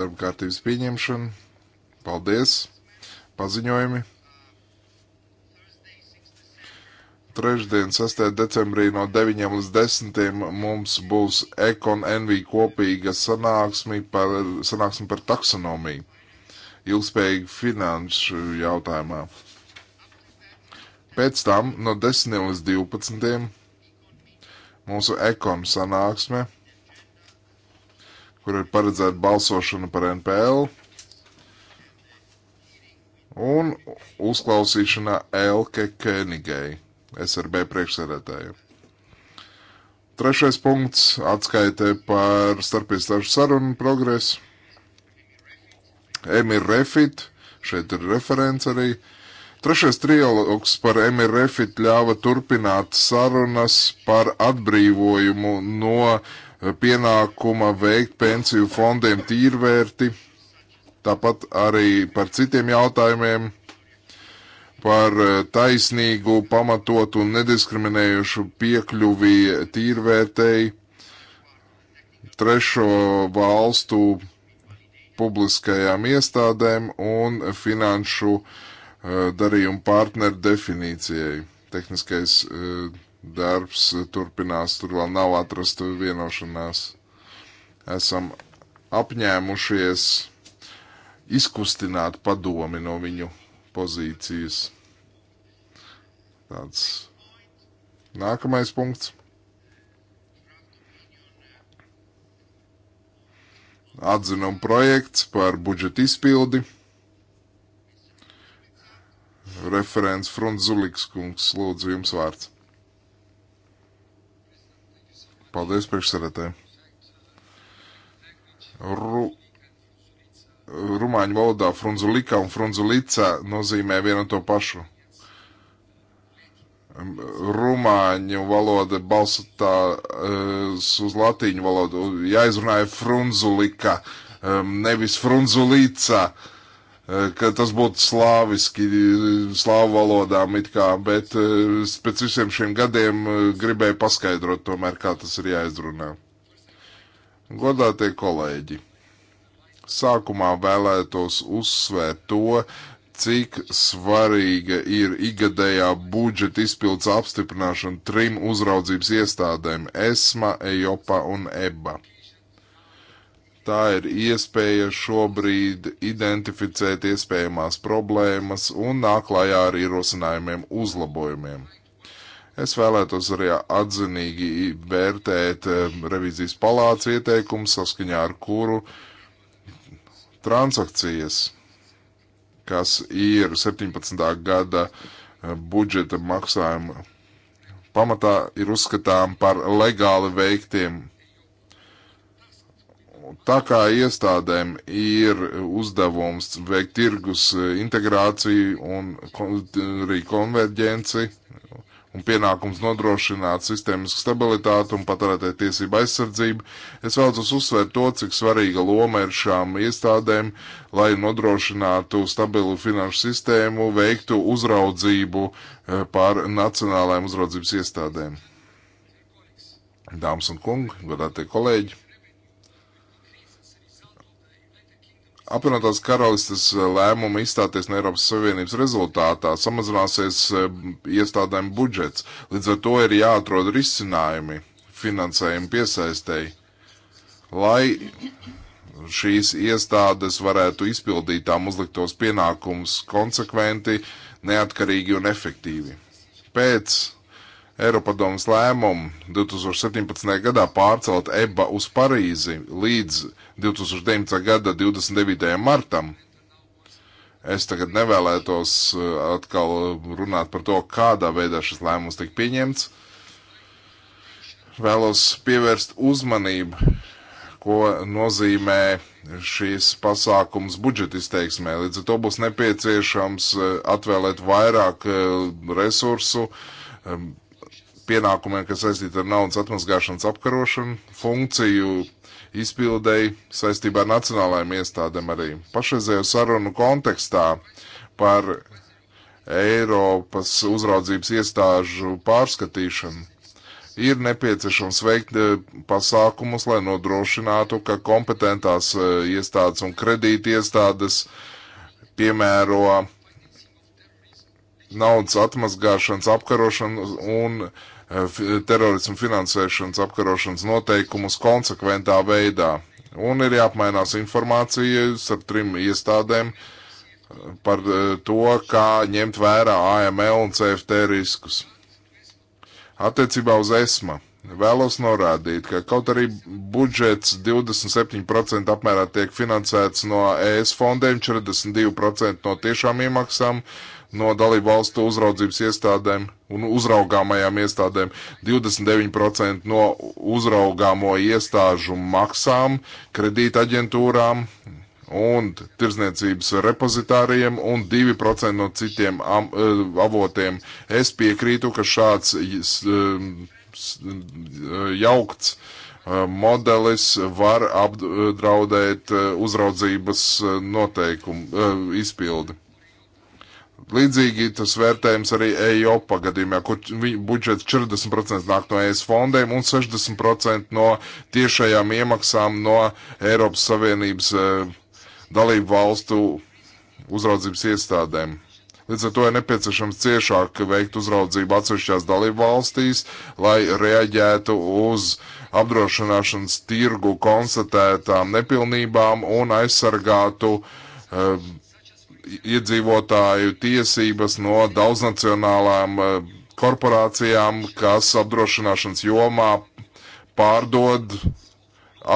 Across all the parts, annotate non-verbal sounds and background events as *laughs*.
Darba kārtības pieņemšana. Paldies! Paziņojumi! Trešdien, 6. decembrī no 9 līdz 10 mums būs Ekon NV kopīga sanāksme par, sanāksmi par taksonomiju, ilgspējīgu finanšu jautājumā. Pēc tam no 10 līdz 12 mūsu Ekon sanāksme kur ir paredzēta balsošana par NPL un uzklausīšana Elke Kenigai, SRB priekšsēdētājai. Trešais punkts - atskaite par starpiestāžu sarunu progresu. Emir Refit, šeit ir referents arī. Trešais trialogs par Emir Refit ļāva turpināt sarunas par atbrīvojumu no uh, pienākuma veikt pensiju fondiem tīrvērti, tāpat arī par citiem jautājumiem, par eh, taisnīgu, pamatotu un nediskriminējušu piekļuvi tīrvērtēji, trešo valstu publiskajām iestādēm un finanšu eh, darījumu partneru definīcijai. Tehniskais uh, darbs turpinās, tur vēl nav atrasta vienošanās. Esam apņēmušies izkustināt padomi no viņu pozīcijas. Tāds nākamais punkts. Atzinuma projekts par budžeta izpildi. Referents Frunzuliks kungs, lūdzu jums vārds. Paldies, priekšsēdētāji. Ru... Rumāņu valodā frunzulika un frunzulica nozīmē vienu un to pašu. Rumāņu valoda balsotā uz latīņu valodu. Jāizrunāja frunzulika, nevis frunzulica. Uh, Eh, ka tas būtu slāviski, eh, slāvu valodām it kā, bet eh, pēc visiem šiem gadiem gribēju paskaidrot tomēr, kā tas ir jāizrunā. Godātie kolēģi, sākumā vēlētos uzsvērt to, cik svarīga ir igadējā budžeta izpildes apstiprināšana trim uzraudzības iestādēm - ESMA, EJOPA un EBA. Tā ir iespēja šobrīd identificēt iespējamās problēmas un nāk klajā ar ierosinājumiem, uzlabojumiem. Es vēlētos arī atzinīgi vērtēt eh, revizijas palāca ieteikumu, saskaņā ar kuru transakcijas, kas ir 17. gada eh, budžeta maksājuma pamatā, ir uzskatām par legāli veiktiem Tā kā iestādēm ir uzdevums veikt tirgus eh, integrāciju un arī konverģenci un pienākums nodrošināt sistēmisku stabilitātu un patērētāju tiesību aizsardzību, es vēlos uzsvērt to, cik svarīga loma ir šām iestādēm, lai nodrošinātu stabilu finanšu sistēmu, veiktu uzraudzību eh, pār nacionālajām uzraudzības iestādēm. Dāmas un kungi, godātie kolēģi! apvienotās karalistes eh, lēmuma izstāties no Eiropas Savienības rezultātā samazināsies eh, iestādēm budžets. Līdz ar to ir jāatrod risinājumi finansējumu piesaistēji, lai šīs iestādes varētu izpildīt tām uzliktos pienākumus konsekventi, neatkarīgi un efektīvi. Pēc Eiropadomas lēmumu 2017. gadā pārcelt EBA uz Parīzi līdz 2019. gada 29. martam. Es tagad nevēlētos eh, atkal runāt par to, kādā veidā šis lēmums tika pieņemts. Vēlos pievērst uzmanību, ko nozīmē šīs pasākums budžeta izteiksmē. Līdz ar to būs nepieciešams eh, atvēlēt vairāk eh, resursu pienākumiem, kas saistīti ar naudas atmazgāšanas apkarošanu, funkciju izpildēji saistībā ar nacionālajiem iestādēm arī. Pašreizējo sarunu kontekstā par Eiropas uzraudzības iestāžu pārskatīšanu ir nepieciešams veikt eh, pasākumus, lai nodrošinātu, ka kompetentās eh, iestādes un kredīti iestādes piemēro naudas atmazgāšanas apkarošanu un Eh, terorismu finansēšanas apkarošanas noteikumus konsekventā veidā. Un ir jāapmainās informācijas ar trim iestādēm eh, par eh, to, kā ņemt vērā AML un CFT riskus. Attiecībā uz ESMA vēlos norādīt, ka kaut arī budžets 27% apmērā tiek finansēts no ES fondiem, 42% no tiešām iemaksām no dalību valstu uzraudzības iestādēm un uzraugāmajām iestādēm. 29% no uzraugāmo iestāžu maksām kredītaģentūrām un tirzniecības repozitāriem un 2% no citiem am, e, avotiem. Es piekrītu, ka šāds e, e, jaukts modelis var apdraudēt uzraudzības noteikumu izpildi. Līdzīgi tas vērtējums arī EIOPA gadījumā, kur budžets 40% nāk no ES fondiem un 60% no tiešajām iemaksām no Eiropas Savienības eh, dalību valstu uzraudzības iestādēm. Līdz ar to ir nepieciešams ciešāk veikt uzraudzību atsevišķās dalību valstīs, lai reaģētu uz apdrošināšanas tirgu konstatētām nepilnībām un aizsargātu uh, iedzīvotāju tiesības no daudznacionālām eh, korporācijām, kas apdrošināšanas jomā pārdod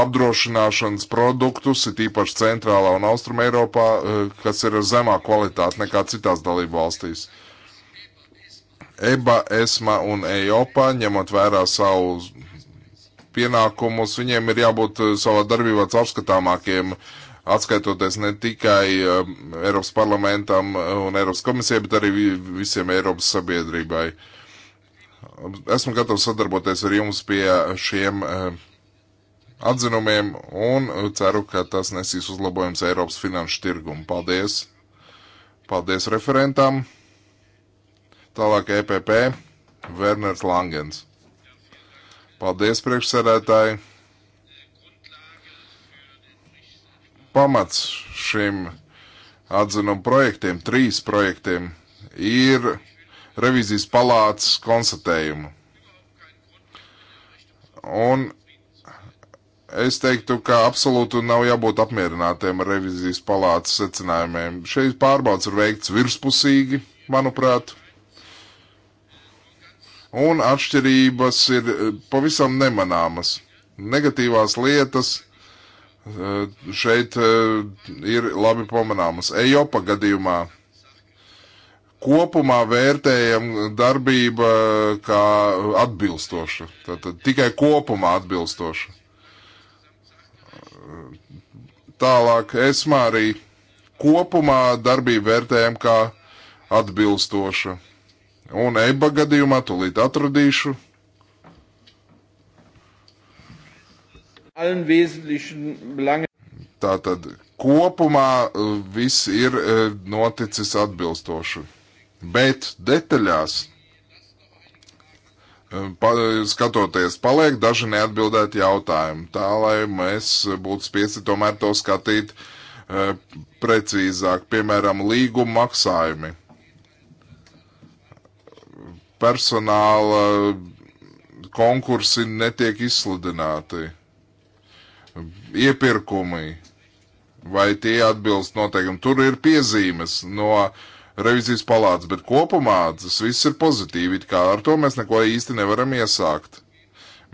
apdrošināšanas produktus, ir tīpaši centrālā un austrum Eiropā, eh, kas ir ar zemā kvalitāti nekā citās dalību valstīs. EBA, ESMA un EIOPA, ņemot vērā savus pienākumus, viņiem ir jābūt eh, savā darbībā caurskatāmākiem atskaitoties ne tikai um, Eiropas parlamentam un Eiropas komisijai, bet arī visiem Eiropas sabiedrībai. Esmu gatavs sadarboties ar jums pie šiem um, atzinumiem un ceru, ka tas nesīs uzlabojums Eiropas finanšu tirgumu. Paldies! Paldies referentam! Tālāk EPP, Werners Langens. Paldies priekšsēdētāji! pamats šiem atzinumu projektiem, trīs projektiem, ir revizijas palātas konstatējumu. Un es teiktu, ka absolūti nav jābūt apmierinātiem ar revizijas palātas secinājumiem. Šeit pārbaudas ir veikts virspusīgi, manuprāt. Un atšķirības ir pavisam nemanāmas. Negatīvās lietas Eh, šeit eh, ir labi pamanāmas. Ejopa gadījumā kopumā vērtējam darbība eh, kā atbilstoša. Tātad tikai kopumā atbilstoša. Tālāk esmā arī kopumā darbību vērtējam kā atbilstoša. Un eba gadījumā tūlīt atradīšu allen wesentlichen Belangen. Tātad kopumā e, viss ir e, noticis atbilstoši, bet detaļās, e, pa, skatoties, paliek daži neatbildēti jautājumi, tā lai mēs būtu spiesti tomēr to skatīt precīzāk, piemēram, līguma maksājumi, personāla konkursi netiek izsludināti iepirkumi, vai tie atbilst noteikumi. Tur ir piezīmes no revizijas palātas, bet kopumā tas viss ir pozitīvi, it kā ar to mēs neko īsti nevaram iesākt.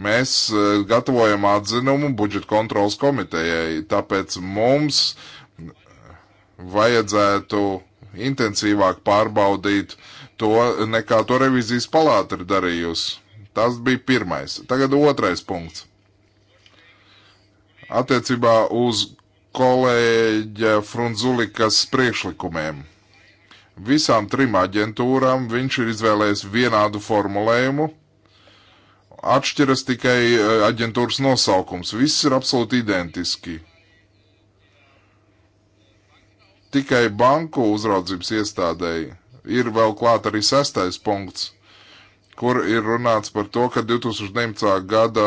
Mēs e, gatavojam atzinumu budžeta kontrolas komitejai, tāpēc mums e, vajadzētu intensīvāk pārbaudīt to, nekā to revizijas palāta ir darījusi. Tas bija pirmais. Tagad otrais punkts attiecībā uz kolēģa Frunzulikas priekšlikumiem. Visām trim aģentūrām viņš ir izvēlējis vienādu formulējumu. Atšķiras tikai eh, aģentūras nosaukums. Viss ir absolūti identiski. Tikai banku uzraudzības iestādēji ir vēl klāt arī sestais punkts kur ir runāts par to, ka 2019. gada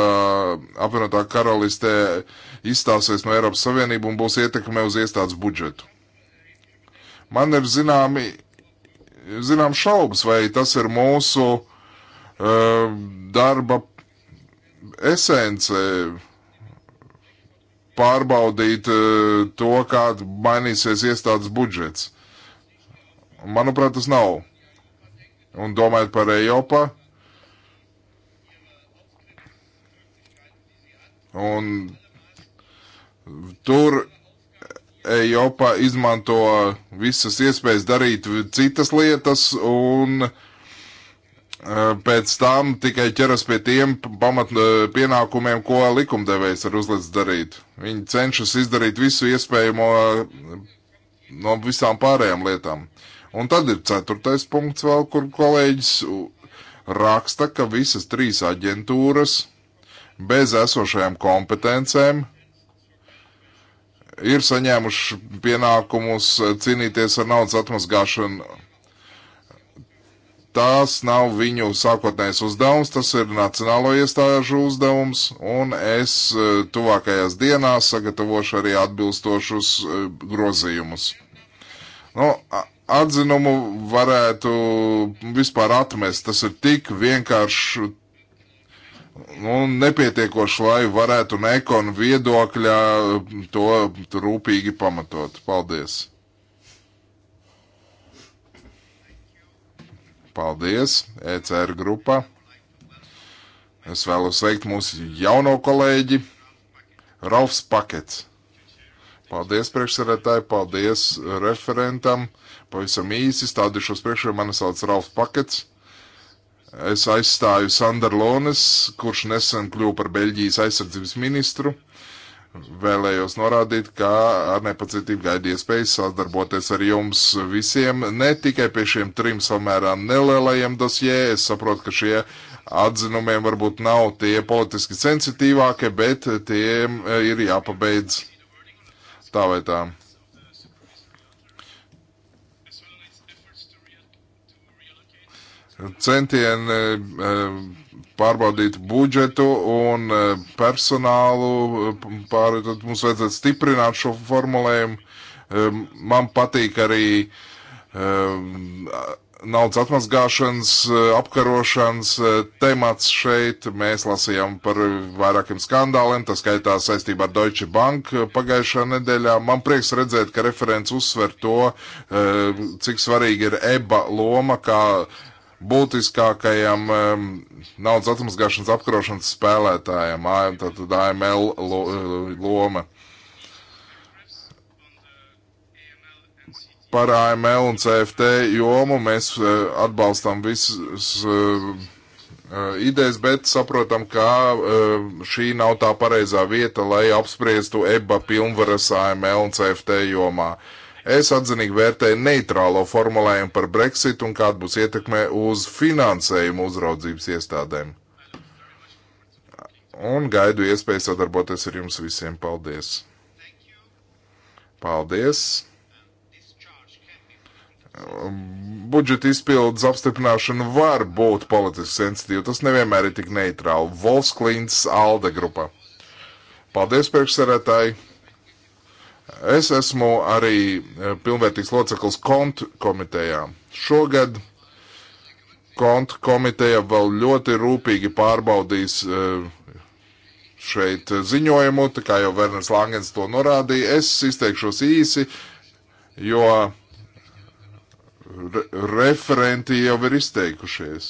apvienotā karalistē izstāsies no Eiropas Savienību un būs ietekme uz iestādes budžetu. Man ir zināmi, zinām šaubas, vai tas ir mūsu uh, darba esence pārbaudīt uh, to, kā mainīsies iestādes budžets. Manuprāt, tas nav. Un domājot par Eiropu, Un tur Eiropa izmanto visas iespējas darīt citas lietas un e, pēc tam tikai ķeras pie tiem pamat e, pienākumiem, ko likumdevējs ir uzlicis darīt. Viņi cenšas izdarīt visu iespējamo e, no visām pārējām lietām. Un tad ir ceturtais punkts vēl, kur kolēģis raksta, ka visas trīs aģentūras bez esošajām kompetencēm ir saņēmuši pienākumus cīnīties ar naudas atmazgāšanu. Tās nav viņu sākotnējs uzdevums, tas ir nacionālo iestāžu uzdevums, un es e, tuvākajās dienās sagatavošu arī atbilstošus e, grozījumus. Nu, atzinumu varētu vispār atmest, tas ir tik vienkārši Un nu, nepietiekoši, lai varētu un ekonu viedokļā eh, to rūpīgi pamatot. Paldies! Paldies, ECR grupa. Es vēlos sveikt mūsu jauno kolēģi, Ralfs Pakets. Paldies priekšsarētāji, paldies referentam. Pavisam īsi stādīšos priekšā, mani sauc Ralfs Pakets. Es aizstāju Sandaru Lones, kurš nesen kļuva par Beļģijas aizsardzības ministru. Vēlējos norādīt, ka ar nepacietību gaidu iespēju sadarboties ar jums visiem, ne tikai pie šiem trim samērā nelielajiem dosjē. Es saprotu, ka šie atzinumiem varbūt nav tie politiski sensitīvākie, bet tiem eh, ir jāpabeidz tā vai tā. centieni eh, eh, pārbaudīt budžetu un eh, personālu, pār, tad mums vajadzētu stiprināt šo formulējumu. Man patīk arī naudas atmazgāšanas, apkarošanas temats šeit. Mēs lasījām par vairākiem skandāliem, tas skaitā saistībā ar Deutsche Bank pagājušā nedēļā. Man prieks redzēt, ka referents uzsver to, cik svarīgi ir EBA loma, kā būtiskākajam um, naudas atmazgāšanas apkarošanas spēlētājam, tātad AML lo, eh, loma. Par AML un CFT jomu mēs uh, atbalstam visas uh, idejas, bet saprotam, ka uh, šī nav tā pareizā vieta, lai apspriestu EBA pilnvaras AML un CFT jomā. Uh, Es atzinīgi vērtēju neitrālo formulējumu par Brexit un kāda būs ietekme uz finansējumu uzraudzības iestādēm. Un gaidu iespēju sadarboties ar jums visiem. Paldies! Paldies! budžeta izpildes apstiprināšana var būt politiski sensitīva. Tas nevienmēr ir tik neitrāli. Volsklīns Alde grupa. Paldies, priekšsarētāji! Es esmu arī eh, pilnvērtīgs loceklis kontu komitejā. Šogad kontu komiteja vēl ļoti rūpīgi pārbaudīs eh, šeit ziņojumu, tā kā jau Werners Langens to norādīja. Es izteikšos īsi, jo re referenti jau ir izteikušies.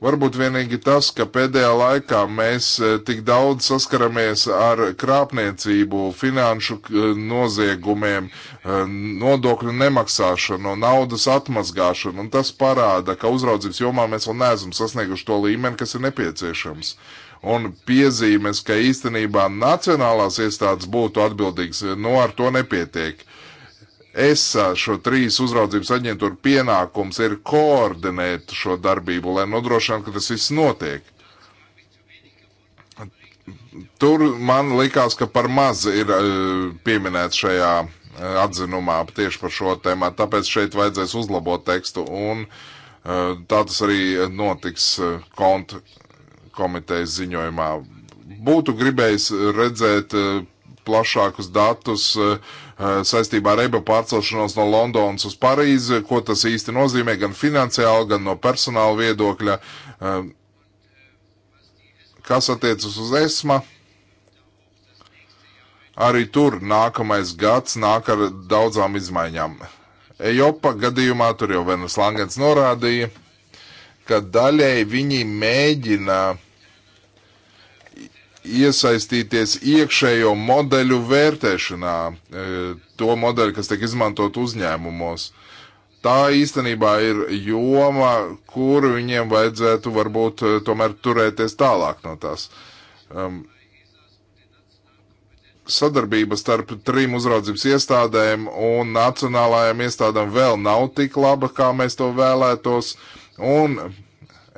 Varbūt vienīgi tas, ka pēdējā laikā mēs e, tik daudz saskaramies ar krāpniecību, finanšu e, noziegumiem, e, nodokļu nemaksāšanu, naudas atmazgāšanu, un tas parāda, ka uzraudzības jomā mēs vēl neesam sasnieguši to līmeni, kas ir nepieciešams. Un piezīmes, ka īstenībā nacionālās iestādes būtu atbildīgas, no ar to nepietiek. Uh, ESA šo trīs uzraudzības aģentūru pienākums ir koordinēt šo darbību, lai nodrošinātu, ka tas viss notiek. Tur man likās, ka par maz ir e, pieminēts šajā e, atzinumā tieši par šo tēmā, tāpēc šeit vajadzēs uzlabot tekstu un e, tā tas arī notiks kont komitejas ziņojumā. Būtu gribējis redzēt plašākus datus, uh, Eh, saistībā ar EBA pārcelšanos no Londonas uz Parīzi, ko tas īsti nozīmē gan finansiāli, gan no personāla viedokļa. Eh, kas attiecas uz ESMA? Arī tur nākamais gads nāk ar daudzām izmaiņām. Ejopa gadījumā tur jau Venes Langens norādīja, ka daļēji viņi mēģina uh, iesaistīties iekšējo modeļu vērtēšanā, e, to modeļu, kas tiek izmantot uzņēmumos. Tā īstenībā ir joma, kur viņiem vajadzētu varbūt e, tomēr turēties tālāk no tās. Um, sadarbība starp trim uzraudzības iestādēm un nacionālajām iestādēm vēl nav tik laba, kā mēs to vēlētos. Un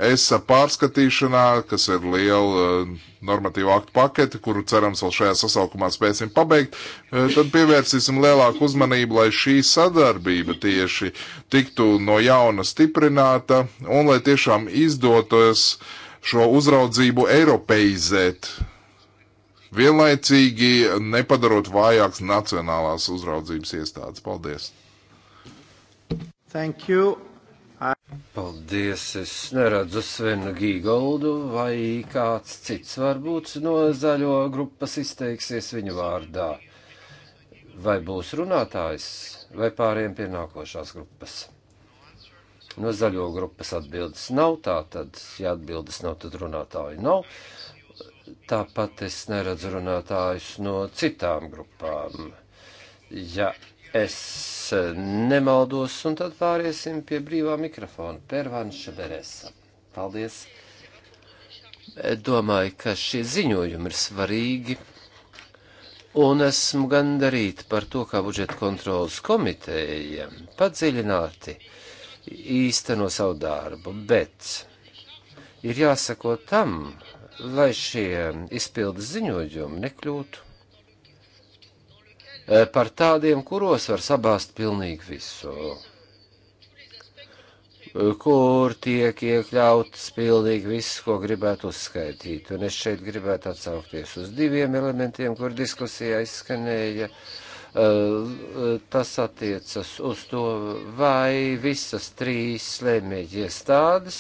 ESA pārskatīšanā, kas ir liela uh, normatīva aktu pakete, kuru cerams vēl šajā sasaukumā spēsim pabeigt, uh, tad pievērsīsim lielāku uzmanību, lai šī sadarbība tieši tiktu no jauna stiprināta un lai tiešām izdotos šo uzraudzību eiropeizēt, vienlaicīgi nepadarot vājāks nacionālās uzraudzības iestādes. Paldies! Thank you. Paldies, es neredzu Svenu Gīgoldu vai kāds cits varbūt no zaļo grupas izteiksies viņu vārdā. Vai būs runātājs vai pāriem pie nākošās grupas? No zaļo grupas atbildes nav, tā tad, ja atbildes nav, tad runātāju nav. Tāpat es neredzu runātājus no citām grupām. Ja es eh, nemaldos, un tad pāriesim pie brīvā mikrofona. Pervanša Beresa. Paldies! Eh, domāju, ka šie ziņojumi ir svarīgi, un esmu gandarīti par to, kā budžeta kontrolas komiteja padziļināti īsteno savu darbu, bet ir jāsako tam, lai šie izpildes ziņojumi nekļūtu Eh, par tādiem, kuros var sabāzt pilnīgi visu, eh, kur tiek iekļauts pilnīgi viss, ko gribētu uzskaitīt. Un es šeit gribētu atsaukties uz diviem elementiem, kur diskusijā izskanēja. Eh, tas attiecas uz to, vai visas trīs lēmēji iestādes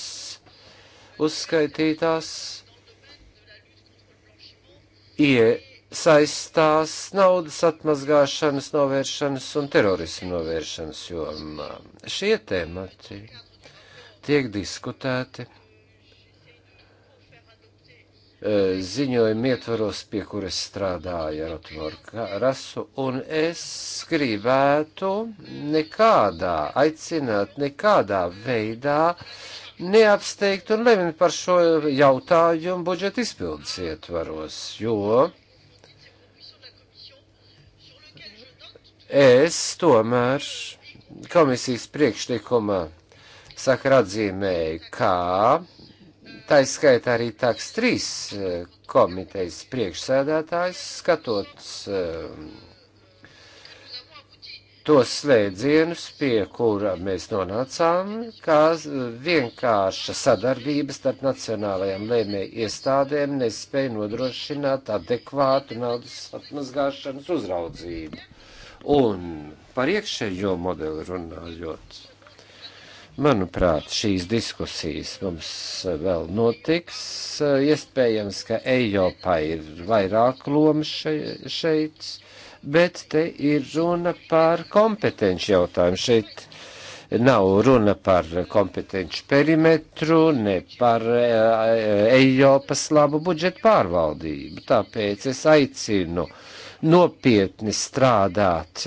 uzskaitītās ie saistās naudas atmazgāšanas novēršanas un terorismu novēršanas jomā. Šie temati tiek diskutēti e, ziņojumu ietvaros, pie kuras strādāja Rotmorka Rasu, un es gribētu nekādā, aicināt nekādā veidā neapsteigt un lemt par šo jautājumu budžeta izpildes ietvaros, jo Es tomēr komisijas priekšlikumā sakra atzīmēju, kā tā izskaita arī tāks trīs eh, komitejas priekšsēdētājs, skatot eh, tos slēdzienus, pie kura mēs nonācām, kā vienkārša sadarbība starp nacionālajām lēmēju iestādēm nespēja nodrošināt adekvātu naudas atmazgāšanas uzraudzību Un par iekšējo modeli runājot, manuprāt, šīs diskusijas mums vēl notiks. Iespējams, ka Eiropā ir vairāk lomas šeit, bet te ir runa par kompetenci jautājumu šeit nav runa par kompetenci perimetru, ne par e, e, Eiropas labu budžetu pārvaldību. Tāpēc es aicinu nopietni strādāt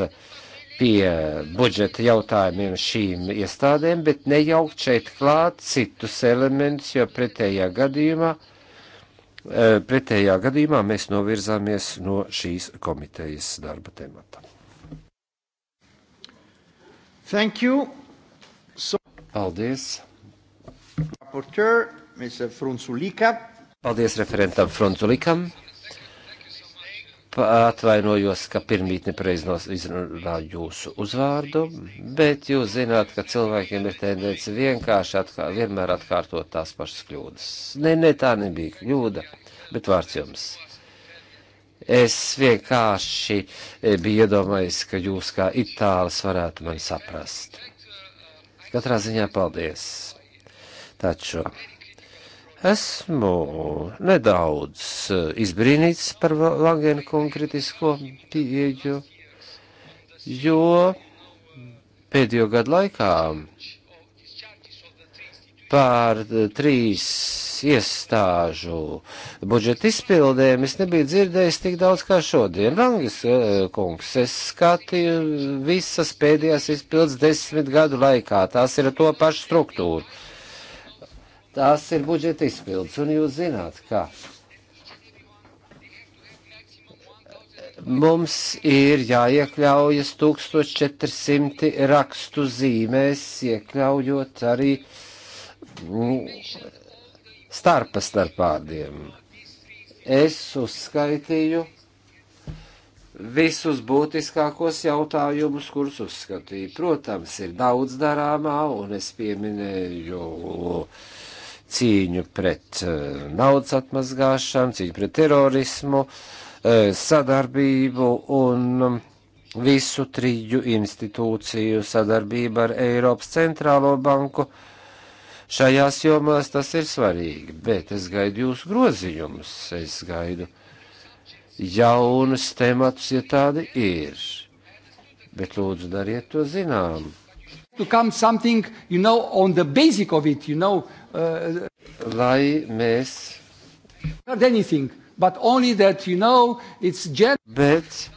pie budžeta jautājumiem šīm iestādēm, bet nejaukt šeit klāt citus elementus, jo pretējā gadījumā, eh, pretējā gadījumā mēs novirzāmies no šīs komitejas darba temata. Thank you. So... Paldies. Rapporteur, Mr. Frunzulika. Paldies referentam Frunzulikam atvainojos, ka pirmīt nepareiz izrunāju jūsu uzvārdu, bet jūs zināt, ka cilvēkiem ir tendence vienkārši atkār, vienmēr atkārtot tās pašas kļūdas. Nē, nē, tā nebija kļūda, bet vārds jums. Es vienkārši e, biju iedomājies, ka jūs kā itālis varētu mani saprast. Katrā ziņā paldies. Taču. Esmu nedaudz eh, izbrīnīts par Langēna kungu kritisko pieeju, jo pēdējo gadu laikā pār eh, trīs iestāžu budžeta izpildēm es nebiju dzirdējis tik daudz kā šodien. Rangis eh, kungs, es skatīju visas pēdējās izpildes desmit gadu laikā, tās ir to pašu struktūru tās ir budžeta izpildes, un jūs zināt, kā. Mums ir jāiekļaujas 1400 rakstu zīmēs, iekļaujot arī mm, starpa starpādiem. Es uzskaitīju visus būtiskākos jautājumus, kurus uzskatīju. Protams, ir daudz darāmā, un es pieminēju. Uh, cīņu pret eh, naudas atmazgāšanu, cīņu pret terorismu, eh, sadarbību un mm, visu triju institūciju sadarbību ar Eiropas centrālo banku. Šajās jomās tas ir svarīgi, bet es gaidu jūsu grozījumus, es gaidu jaunus tematus, ja tādi ir. Bet lūdzu, dariet to zinām. To come something, you know, on the basic of it, you know, Uh, Lai mēs. Not anything, but only that, you know, it's gen. Bet.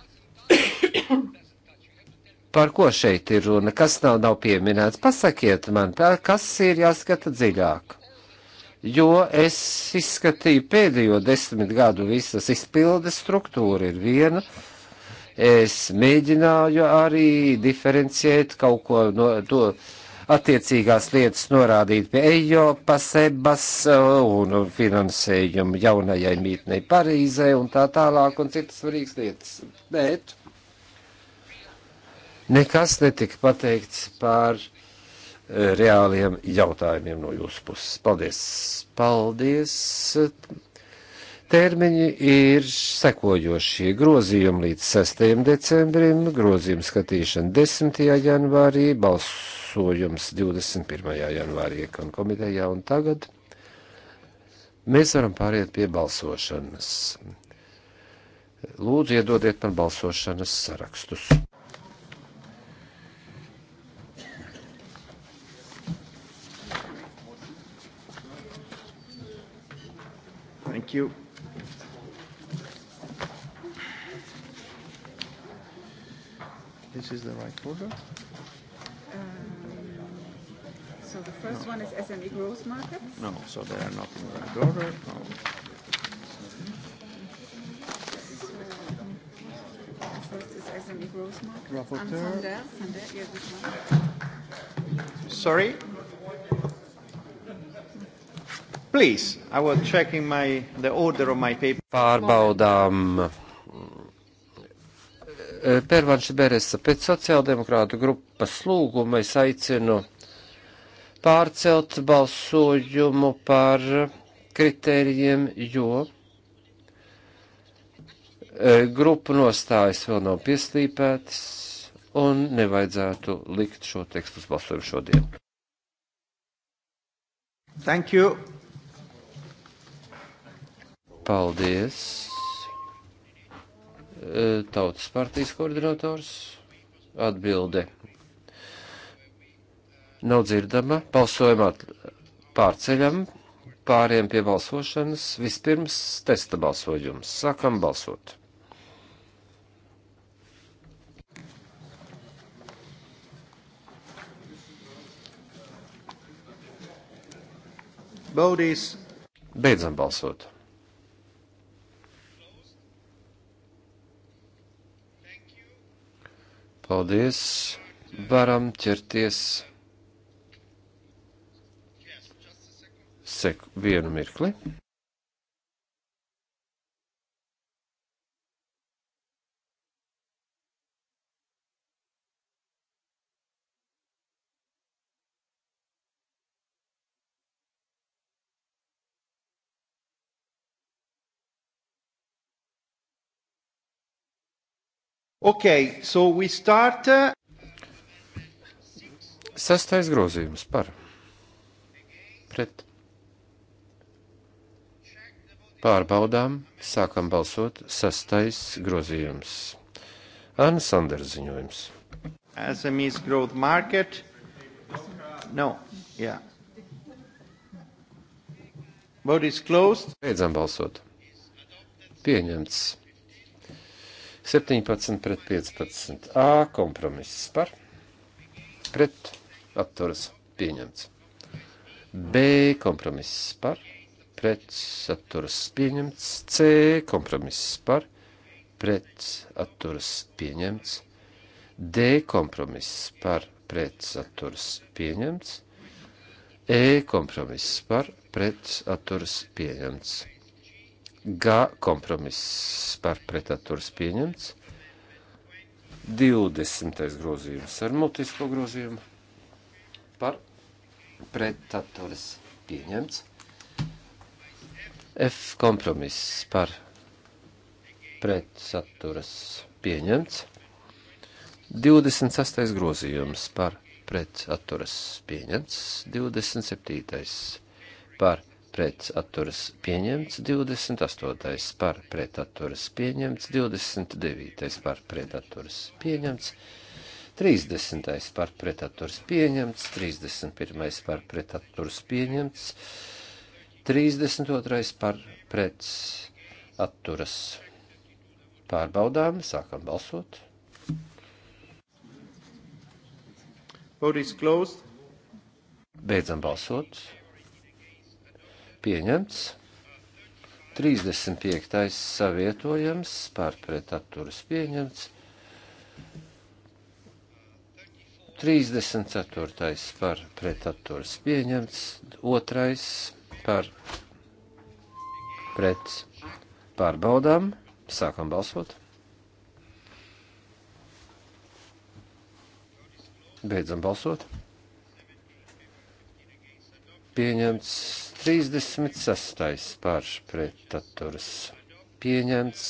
Par ko šeit ir runa? Kas nav, nav pieminēts? Pasakiet man, kas ir jāskata dziļāk? jo es izskatīju pēdējo desmit gadu visas izpildes struktūra ir viena. Es mēģināju arī diferenciēt kaut ko no to. No, attiecīgās lietas norādīt pie EJO, pasebas uh, un finansējumu jaunajai mītnei Parīzē un tā tālāk un citas svarīgas lietas. Bet nekas netika pateikts par uh, reāliem jautājumiem no jūsu puses. Paldies! Paldies! Termiņi ir sekojošie. Grozījumi līdz 6. decembrim, grozījuma skatīšana 10. janvārī, balss balsojums 21. janvārī ekon komitejā, un tagad mēs varam pāriet pie balsošanas. Lūdzu, iedodiet man balsošanas sarakstus. Thank you. This is the right order. So the first no. one is SME growth markets? No, so they are not in the right order. No. So, first is SME growth market. Rapporteur. And Sander, Sander, yeah, this one. Sorry? Please, I was checking my, the order of my paper. Pārbaudām. Eh, Pervanš Beresa pēc sociāldemokrātu grupas lūguma es aicinu pārcelt balsojumu par kritērijiem, jo e, grupu nostājas vēl nav pieslīpētas un nevajadzētu likt šo tekstu uz balsojumu šodien. Thank you. Paldies. E, tautas partijas koordinators atbilde nav dzirdama. Balsojumā pārceļam, pāriem pie balsošanas. Vispirms testa balsojums. Sākam balsot. Baudīs. Beidzam balsot. Paldies. Varam ķerties sek vienu mirkli. Okay, so we start. Uh, Sastais grozījums par pret Pārbaudām, sākam balsot, sastais grozījums. Anna Sanders ziņojums. SMEs growth market. No, yeah. Vote is closed. Beidzam balsot. Pieņemts. 17 pret 15. A kompromiss par. Pret atturas pieņemts. B kompromiss par pretsaturas pieņemts, C kompromiss par pretsaturas pieņemts, D kompromiss par pretsaturas pieņemts, E kompromiss par pretsaturas pieņemts, G kompromiss par pretsaturas pieņemts, 20. grozījums ar mutisko grozījumu par pretsaturas pieņemts. F kompromiss par pretsaturas pieņemts. 26. grozījums par pretsaturas pieņemts. 27. par pretsaturas pieņemts. 28. par pretsaturas pieņemts. 29. par pretsaturas pieņemts. 30. par pretsaturas pieņemts. 31. par pretsaturas pieņemts. 32. par pret atturas pārbaudām, sākam balsot. Vote is closed. Beidzam balsot. Pieņemts. 35. savietojams, pārpret atturas pieņemts. 34. par pretaturas pieņemts, 2 par pret pārbaudām. Sākam balsot. Beidzam balsot. Pieņemts 36. pārš pretaturas. Pieņemts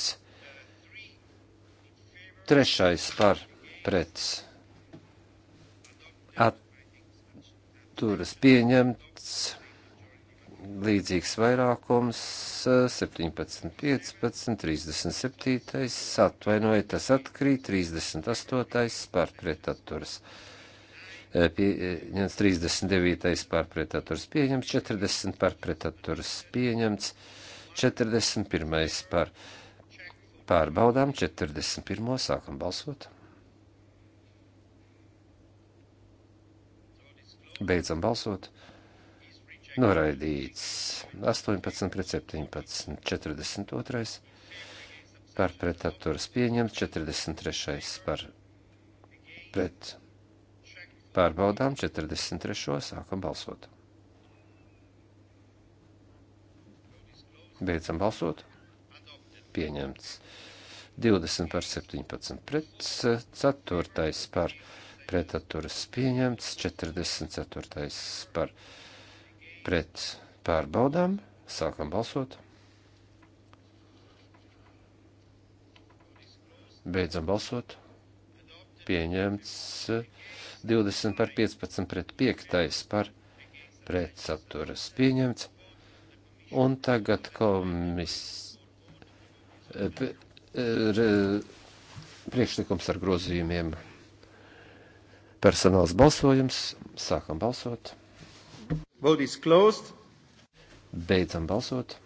3. par pret atturas. Pieņemts 3 līdzīgs vairākums 17, 15, 37, atvainojiet, tas atkrīt, 38 pārpretaturs. Eh, pieņemts 39 pārpretaturs pieņemts, 40 pārpretaturs pieņemts, 41 par pārbaudām, 41 sākam balsot. Beidzam balsot. Noraidīts 18 pret 17, 42. par pretapturas pieņemts, 43. par pret pārbaudām, 43. sākam balsot. Beidzam balsot. Pieņemts 20 par 17 pret 4. par pretapturas pieņemts, 44. par pret pret pārbaudām. Sākam balsot. Beidzam balsot. Pieņemts 20 par 15 pret 5 par pretsaturas pieņemts. Un tagad komis eh, eh, priekšlikums ar grozījumiem. Personāls balsojums. Sākam balsot. Vote is closed. Beidzam balsot.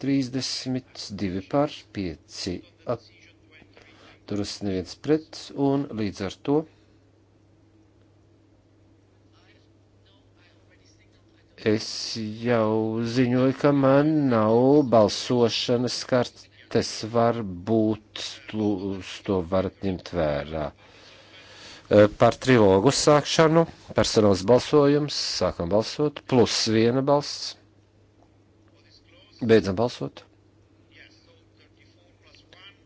32 par 5 atturas neviens pret un līdz ar to es jau ziņoju, ka man nav balsošanas kartes, var būt, to varat ņemt vērā. Uh, Eh, par trilogu sākšanu. Personāls balsojums. Sākam balsot. Plus viena balss. Beidzam balsot.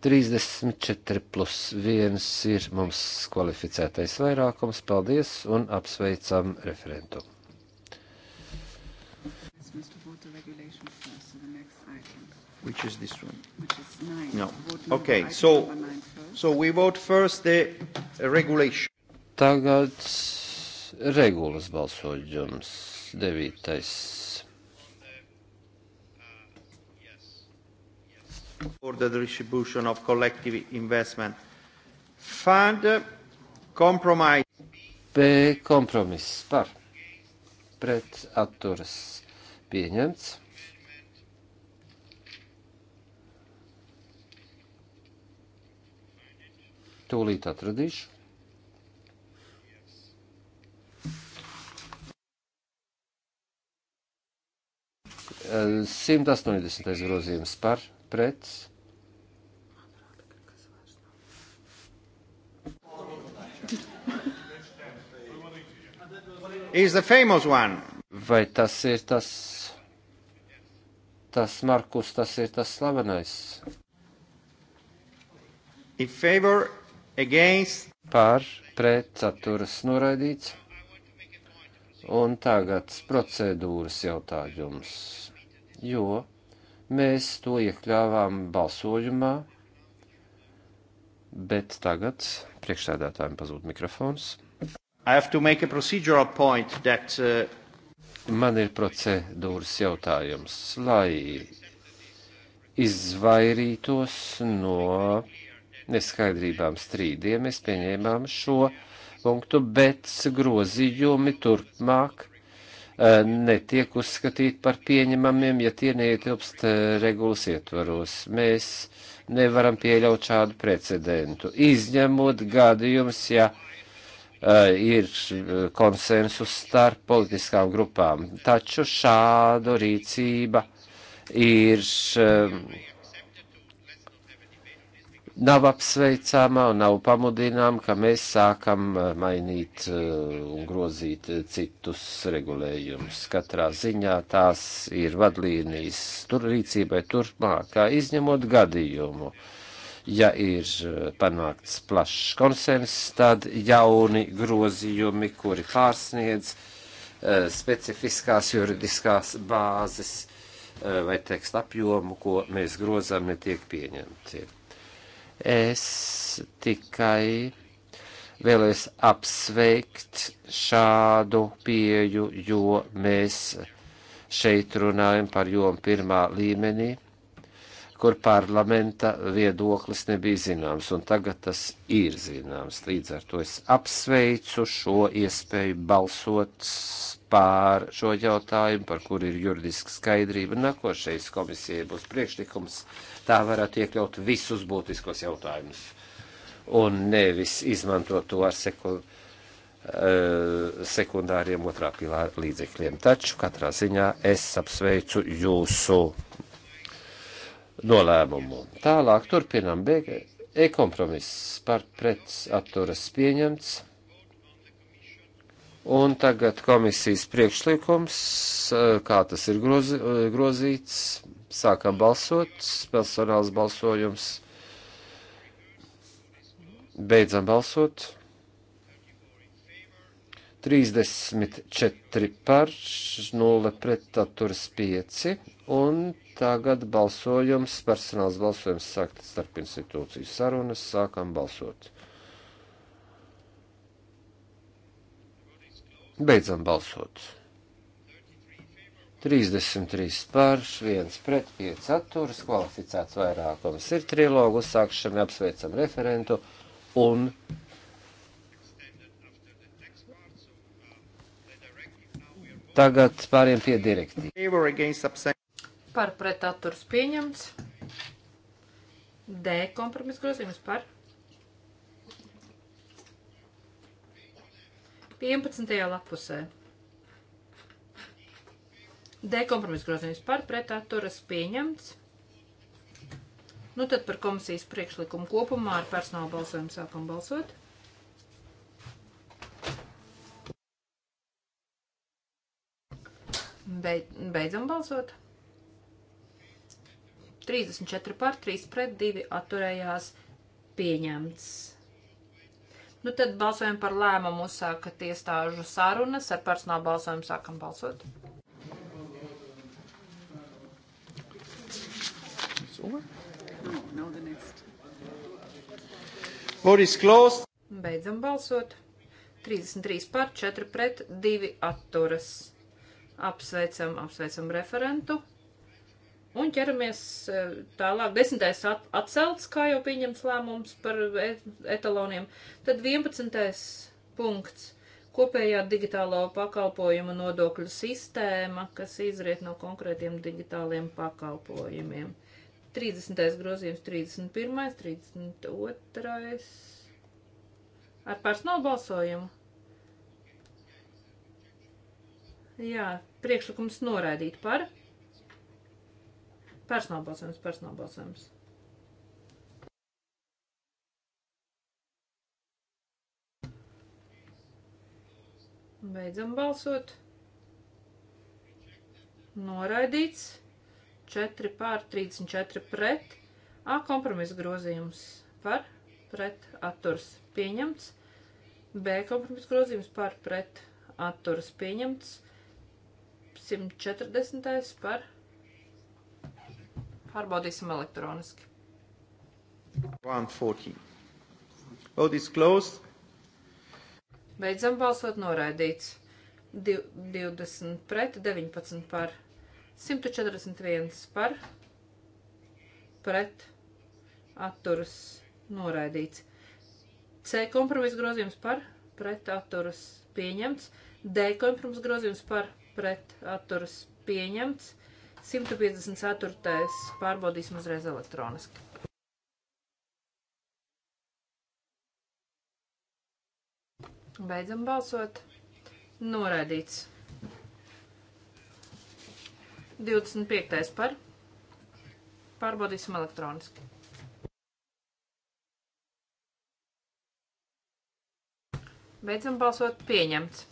34 plus 1 ir mums kvalificētais vairākums. Paldies un apsveicam referentu. Which is this one? Which is nine. No. Okay, so, so we vote first the regulation. Tagad regulas balsojums, devītais. For the distribution of collective investment fund compromise. B kompromiss par pret atturas pieņemts. Tūlīt atradīšu. 180. grozījums par pret. Vai tas ir tas, tas Markus, tas ir tas slavenais? Favor, against... Pār, pret, saturas noraidīts. Un tagad procedūras jautājums jo mēs to iekļāvām balsojumā, bet tagad priekšsēdētājiem pazūd mikrofons. That, uh... Man ir procedūras jautājums, lai izvairītos no neskaidrībām strīdiem. Mēs pieņēmām šo punktu, bet grozījumi turpmāk Eh, netiek uzskatīti par pieņemamiem, ja tie neietilpst eh, regulas ietvaros. Mēs nevaram pieļaut šādu precedentu, izņemot gadījums, ja eh, ir konsensus starp politiskām grupām. Taču šāda rīcība ir. Uh, nav apsveicama un nav pamudināma, ka mēs sākam eh, mainīt eh, un grozīt eh, citus regulējumus. Katrā ziņā tās ir vadlīnijas tur rīcībai turpmākā, izņemot gadījumu. Ja ir panākts plašs konsens, tad jauni grozījumi, kuri pārsniedz uh, specifiskās juridiskās bāzes uh, vai teksta apjomu, ko mēs grozām, netiek pieņemti Es tikai vēlēs apsveikt šādu pieju, jo mēs šeit runājam par jomu pirmā līmenī kur parlamenta viedoklis nebija zināms, un tagad tas ir zināms. Līdz ar to es apsveicu šo iespēju balsot pār šo jautājumu, par kur ir juridiska skaidrība. Nākošais komisijai būs priekšlikums, tā varētu iekļaut visus būtiskos jautājumus, un nevis izmantot to ar sekundu eh, sekundāriem otrā pilāra līdzekļiem. Taču katrā ziņā es apsveicu jūsu nolēmumu. Tālāk turpinam e-kompromiss par pretsaturas pieņemts. Un tagad komisijas priekšlikums, e, kā tas ir grozi, e, grozīts, sākam balsot, personāls balsojums, beidzam balsot. 34 par, 0 pret atturas 5, un tagad balsojums, personāls balsojums sākt starp institūciju sarunas, sākam balsot. Beidzam balsot. 33 par, 1 pret 5 atturas, kvalificēts vairākums ir trilogu, sākšana apsveicam referentu un Tagad pāriem pie direktīvas. Par pretaturs pieņemts. D kompromis grozījums par. 11. lapusē. D kompromis grozījums par pretaturas pieņemts. Nu tad par komisijas priekšlikumu kopumā ar personālu balsojumu sākam balsot. Beidzam balsot. 34 par, 3 pret, 2 atturējās pieņemts. Nu tad balsojam par lēmumu uzsākt iestāžu sarunas. Ar personālu balsojumu sākam balsot. Oh, Vote is closed. Beidzam balsot. 33 par, 4 pret, 2 atturas. Apsveicam, apsveicam referentu. Un ķeramies e, tālāk. Desmitais at, atcelts, kā jau pieņems lēmums par e, etaloniem. Tad vienpadsmitais punkts - kopējā digitālo pakalpojumu nodokļu sistēma, kas izriet no konkrētiem digitāliem pakalpojumiem. 30. grozījums, 31. 32. ar personālu balsojumu. Jā, priekšlikums noraidīt par. Personāla balsojums, personāla balsojums. Beidzam balsot. Noraidīts. 4 pār 34 pret. A kompromisa grozījums par pret atturs pieņemts. B kompromisa grozījums par pret atturs pieņemts. 140. par. Pārbaudīsim elektroniski. 140. Vote is closed. Beidzam balsot noraidīts. 20 pret, 19 par. 141 par. Pret. Atturas noraidīts. C kompromisa grozījums par. Pret atturas pieņemts. D kompromisa grozījums par pret atturas pieņemts. 154. pārbaudīsim uzreiz elektroniski. Beidzam balsot. Noraidīts. 25. par. Pārbaudīsim elektroniski. Beidzam balsot pieņemts.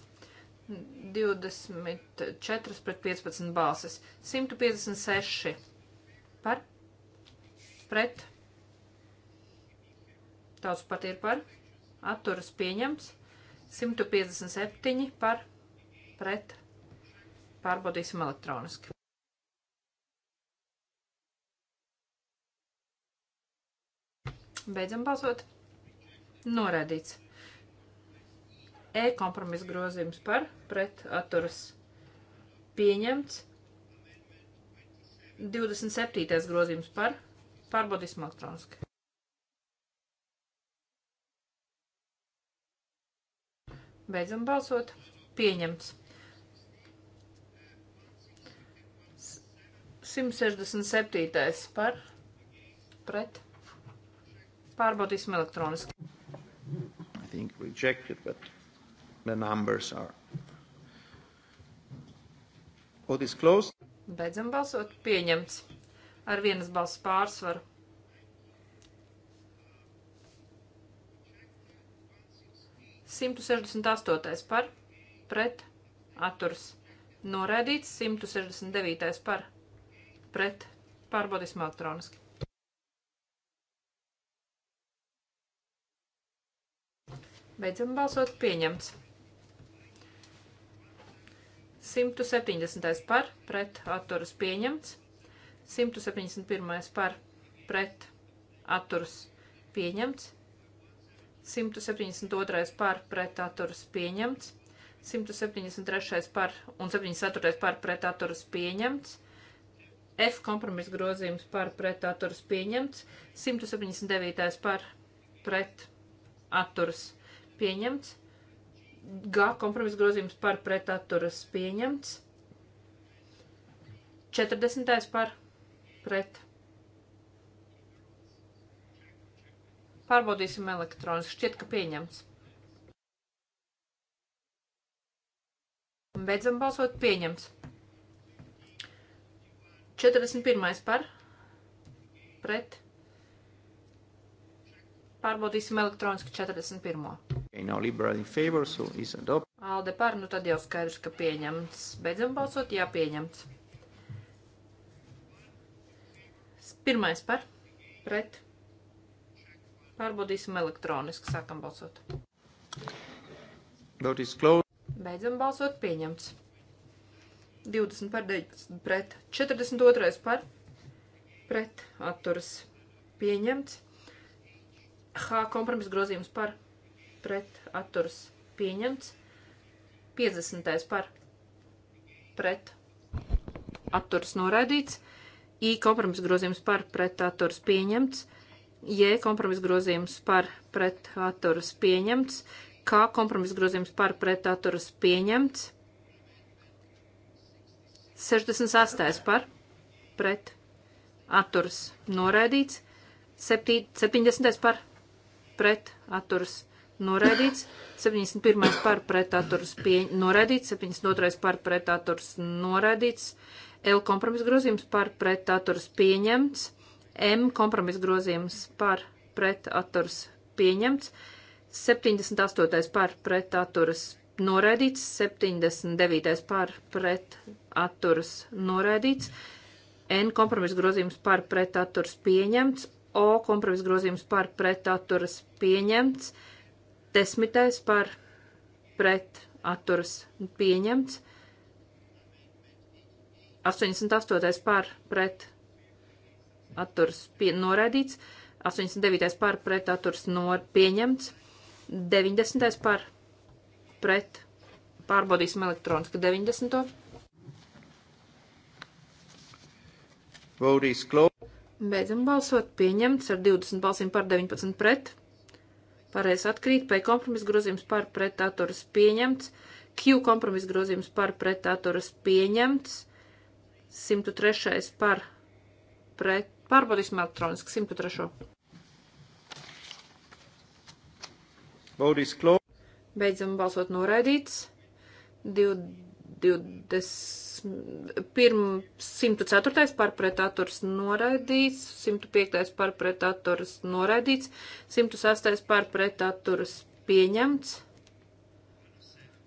24 pret 15 balsis. 156 par, pret, tauts pat ir par, atturas pieņemts. 157 par, pret, pārbaudīsim elektroniski. Beidzam balsot. Noraidīts. E kompromisa grozījums par pret atturas pieņemts. 27. grozījums par pārbaudīsim elektroniski. Beidzam balsot. Pieņemts. 167. par pret. Pārbaudīsim elektroniski. I think rejected, but The numbers are. Vote is closed. Beidzam balsot. Pieņemts. Ar vienas balss pārsvaru. Simtu sešdesmit astotais par, pret, atturs. Noraidīts 169. par, pret, pārbaudīsim elektroniski. Beidzam balsot pieņemts. 170. par pret atturas pieņemts. 171. par pret atturas pieņemts. 172. par pret atturas pieņemts. 173. par un 74. par pret atturas pieņemts. F kompromisa grozījums par pret atturas pieņemts. 179. par pret atturas pieņemts. G kompromisa grozījums par pretaturas pieņemts. 40. par pret. Pārbaudīsim elektronis. Šķiet, ka pieņemts. Un beidzam balsot pieņemts. 41. par pret. Pārbaudīsim elektroniski 41. Okay, no liberal in favor, so is adopted. Alde par, nu tad jau skaidrs, ka pieņemts. Beidzam balsot, jā, pieņemts. Pirmais par, pret. Pārbaudīsim elektroniski, sākam balsot. Vote is closed. Beidzam balsot, pieņemts. 20 par 9 pret, 42 par, pret, atturas, pieņemts. H kompromis grozījums par, pret atturs pieņemts. 50. par pret atturs noraidīts. I kompromis grozījums par pret atturs pieņemts. J kompromis grozījums par pret atturs pieņemts. K kompromis grozījums par pret atturs pieņemts. 68. par pret atturs noraidīts. 70. par pret atturs pieņemts noraidīts, 71. pārpretātors pieņ... noraidīts, 72. pārpretātors noraidīts, L kompromisa grozījums pārpretātors pieņemts, M kompromisa grozījums pārpretātors pieņemts, 78. pārpretātors noraidīts, 79. pārpretātors noraidīts, N kompromisa grozījums pārpretātors pieņemts, O kompromisa grozījums pārpretātors pieņemts, pieņemts Desmitais par pret atturas pieņemts. 88. par pret atturas pie, noraidīts. 89. par pret atturas nor, pieņemts. 90. par pret pārbaudīsim elektroniski 90. Beidzam balsot pieņemts ar 20 balsīm par 19 pret. Pārējais atkrīt, P kompromisa grozījums par pretaturas pieņemts, Q kompromisa grozījums par pretaturas pieņemts, 103. par pret, pārbaudīsim elektroniski, 103. Baudīs klūp. Beidzam balsot noraidīts. 20. 104. pārpretators noraidīts, 105. pārpretators noraidīts, 108. pārpretators pieņemts,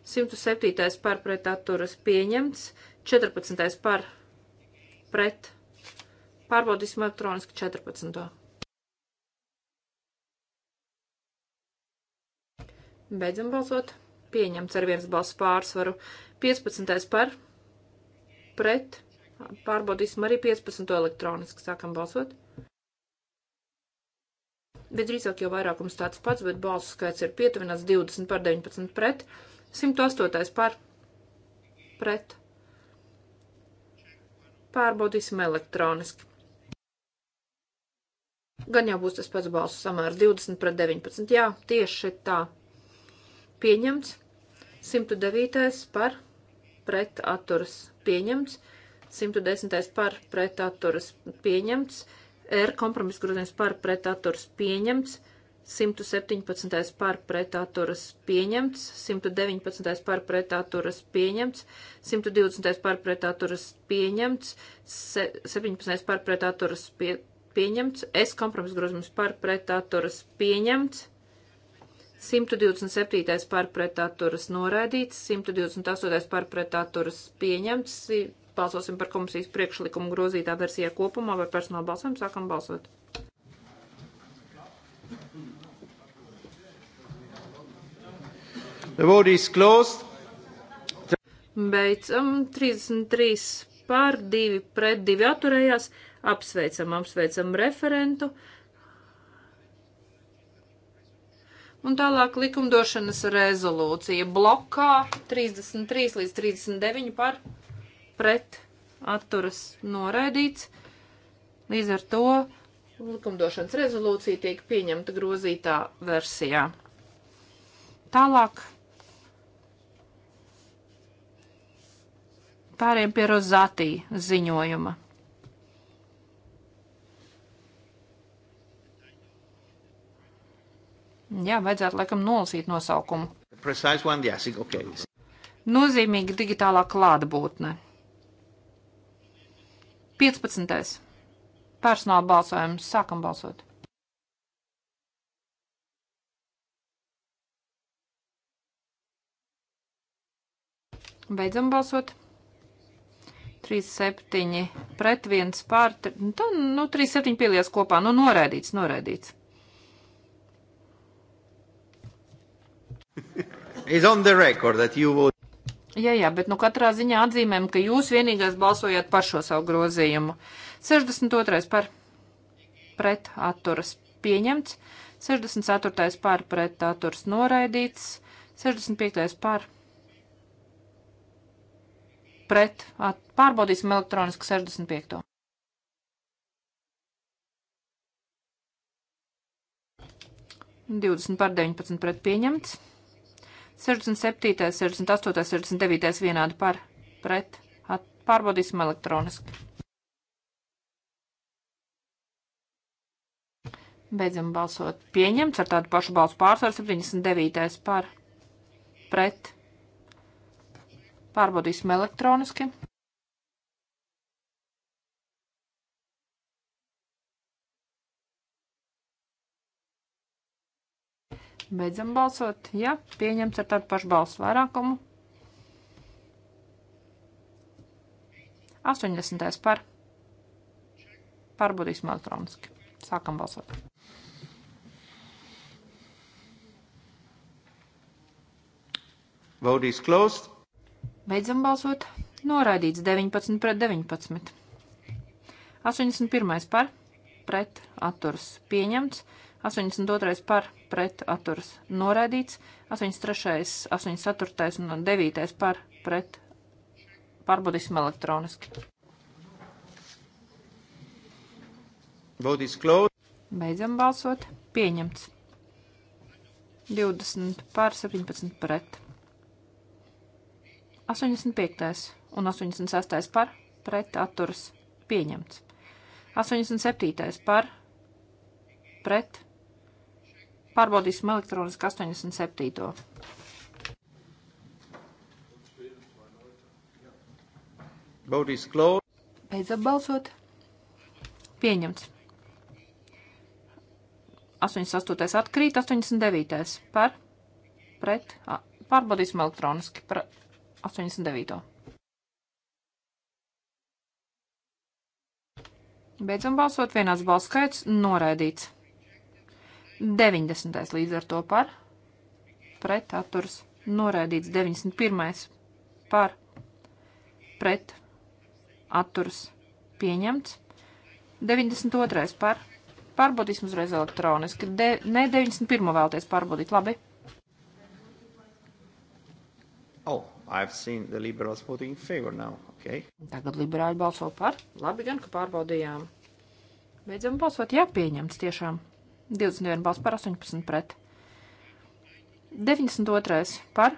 107. pārpretators pieņemts, 14. pārpret. Pārbaudīsim elektroniski 14. Beidzam balsot. Pieņemts ar viens balss pārsvaru. 15. par, pret, pārbaudīsim arī 15. elektroniski, sākam balsot. Visdrīzāk jau vairākums tāds pats, bet balsu skaits ir pietuvināts 20 par 19 pret, 108. par, pret. Pārbaudīsim elektroniski. Gan jau būs tas pats balsu samērs 20 pret 19, jā, tieši tā pieņemts. 109. par pret atturas pieņemts, 110. par pret atturas pieņemts, R kompromiss grozījums par pret atturas pieņemts, 117. par pret atturas pieņemts, 119. par pret atturas pieņemts, 120. par pret atturas pieņemts, 17. par pret atturas pie, pieņemts, S kompromiss grozījums par pret atturas pieņemts. 127. pārpretāturas noraidīts, 128. pārpretāturas pieņemts. Balsosim par komisijas priekšlikumu grozītā versijā kopumā vai personāla balsojumu. Sākam balsot. The vote is closed. Beidzam 33 pār 2 pret 2 atturējās. Apsveicam, apsveicam referentu. Un tālāk likumdošanas rezolūcija blokā 33 līdz 39 par pret atturas noraidīts. Līdz ar to likumdošanas rezolūcija tiek pieņemta grozītā versijā. Tālāk pāriem pie Rozatī ziņojuma. Jā, vajadzētu laikam nolasīt nosaukumu. One, yes, okay. Nozīmīga digitālā klātbūtne. 15. Personāla balsojums. Sākam balsot. Beidzam balsot. 3, 7 pret 1 pār. Nu, 3, 7 pielies kopā. Nu, noraidīts, noraidīts. Would... *laughs* Jā, jā, bet nu katrā ziņā atzīmēm, ka jūs vienīgais balsojāt par šo savu grozījumu. 62. par pret atturas pieņemts, 64. par pret atturas noraidīts, 65. par pret at, pārbaudīsim elektronisku 65. Divdesmit par deviņpadsmit pret pieņemts. 67, 68, 69 vienādi par pret. At, pārbaudīsim elektroniski. Beidzam balsot. Pieņemts ar tādu pašu balsu pārsvaru 79 par pret. Pārbaudīsim elektroniski. Beidzam balsot. Jā, ja, pieņemts ar tādu pašu balsu vairākumu. 80. par. Pārbaudīsim elektroniski. Sākam balsot. Vote is closed. Beidzam balsot. Noraidīts 19 pret 19. 81. par. Pret. Atturs. Pieņemts. 82. par pret atturas noraidīts, 83. 84. un 9. par pret pārbaudīsim elektroniski. Beidzam balsot. Pieņemts. 20 pār 17 pret. 85. un 86. par pret atturas pieņemts. 87. par pret Pārbaudīsim elektroniski 87. Baudīs klūt. Beidz apbalsot. Pieņemts. 88. atkrīt, 89. par, pret, a, pārbaudīsim elektroniski par 89. Beidzam balsot, vienāds balss skaits noraidīts. 90. līdz ar to par, pret atturs noraidīts 91. par, pret atturs pieņemts 92. par. Pārbaudīsim uzreiz elektroniski. De, ne 91. vēlties pārbaudīt, labi. Oh, I've seen the liberals voting in favor now. Okay. Tagad liberāļi balso par. Labi gan, ka pārbaudījām. Beidzam balsot, jā, pieņemts tiešām. 92. 21 balss par 18 pret. 92. par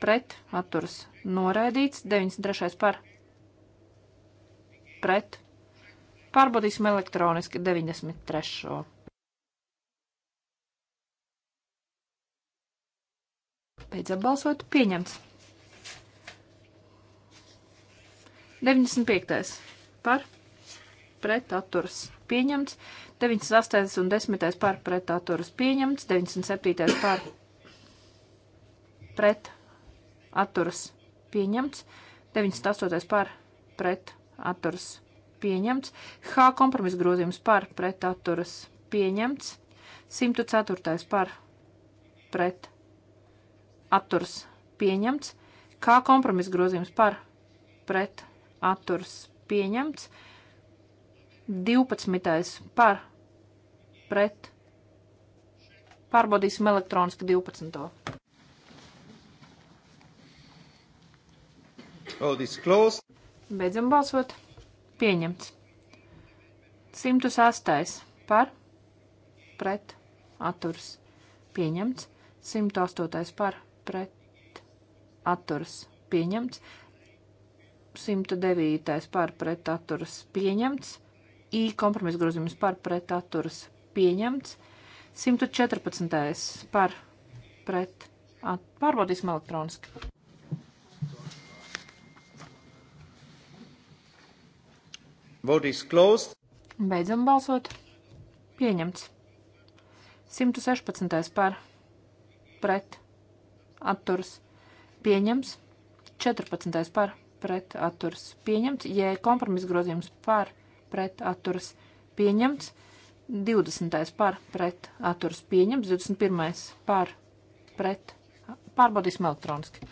pret atturas noraidīts. 93. par pret. Pārbaudīsim elektroniski 93. Beidzot balsot pieņemts. 95. par pret atturas pieņemts. 98. un 10. par pret atturas pieņemts, 97. par pret atturas pieņemts, 98. par pret atturas pieņemts, H kompromisa grozījums par pret atturas pieņemts, 104. par pret atturas pieņemts, K kompromisa grozījums par pret atturas pieņemts, 12. par pret. Pārbaudīsim elektroniski 12. Beidzam balsot. Pieņemts. 108. par pret atturs. Pieņemts. 108. par pret atturs. Pieņemts. 109. par pret atturs. Pieņemts. I kompromisa grozījums par pret atturas pieņemts. 114. par pret at, pārbaudīsim elektroniski. Vote is closed. Beidzam balsot. Pieņemts. 116. par. Pret. Atturs. Pieņems. 14. par. Pret. Atturs. Pieņemts. Jē, kompromis grozījums par pret atturas pieņemts, 20. par pret atturas pieņemts, 21. par pret. Pārbaudīsim elektroniski.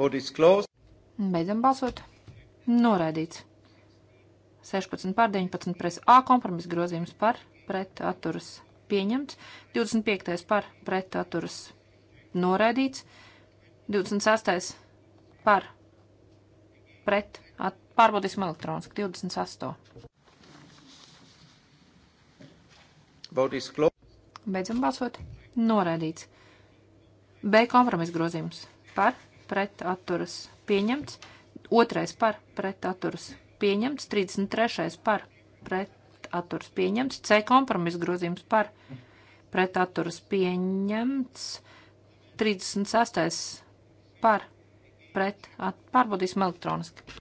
Beidzam balsot. Noraidīts. 16 pār 19 pret A kompromisa grozījums par pret atturas pieņemts, 25. par pret atturas noraidīts, 26. par pret. At, pārbaudīsim elektroniski. 28. Baudīs klo. Beidzam balsot. Noraidīts. B kompromisa grozījums. Par pret atturas pieņemts. Otrais par pret atturas pieņemts. 33. par pret atturas pieņemts. C kompromisa grozījums par pret atturas pieņemts. 36. par pret, at, pārbaudīsim elektroniski.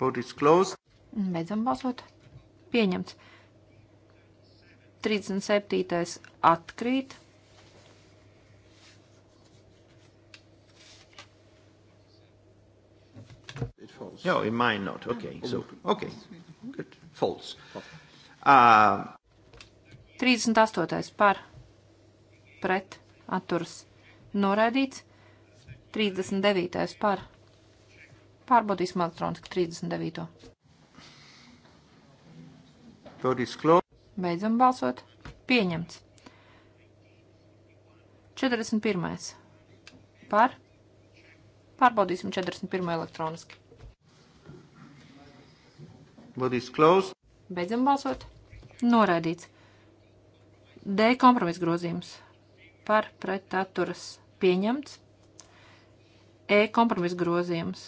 Vote is closed. Beidzam balsot. Pieņemts. 37. atkrīt. No, in mine not. Okay, so, okay, good, false. Uh, 38. par pret atturas noraidīts. 39. par. Pārbaudīsim elektroniski 39. Beidzam balsot. Pieņemts. 41. par. Pārbaudīsim 41. elektroniski. Beidzam balsot. Noraidīts. D kompromisa grozījums par pret atturas pieņemts. E kompromisa grozījums.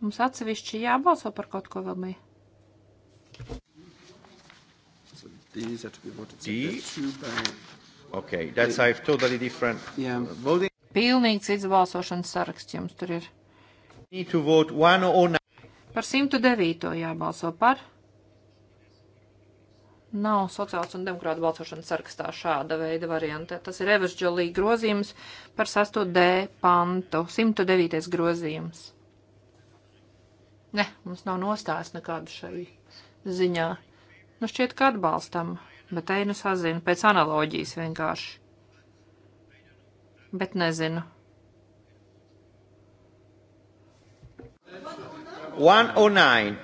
Mums atsevišķi jābalso par kaut ko vēl bija. These are to be voted D. Okay, that's I have totally different yeah. Uh, voting. Pilnīgi cits balsošanas saraksts jums tur ir. Need to vote 109. Par 109 jābalso par nav sociāls un demokrāta balsošanas sarakstā šāda veida varianta. Tas ir Evers Džolī grozījums par 6D pantu, 109. grozījums. Ne, mums nav nostājas nekādu šai ziņā. Nu šķiet, ka atbalstam, bet te nu sazinu pēc analoģijas vienkārši. Bet nezinu. One oh nine.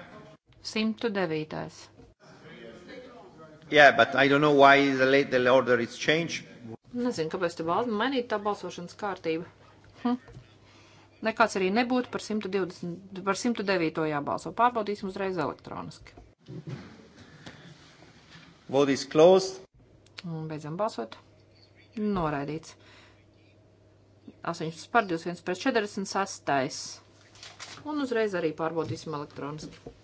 109. Yeah, but I don't know why the, late, the order is changed. Nezinu, kāpēc te valda mainīt tā balsošanas kārtība. Hm. Nekāds arī nebūtu par 120, par 109. jābalso. Pārbaudīsim uzreiz elektroniski. Vote is closed. Un beidzam balsot. Noraidīts. 8 par 21 pret 46. Un uzreiz arī pārbaudīsim elektroniski.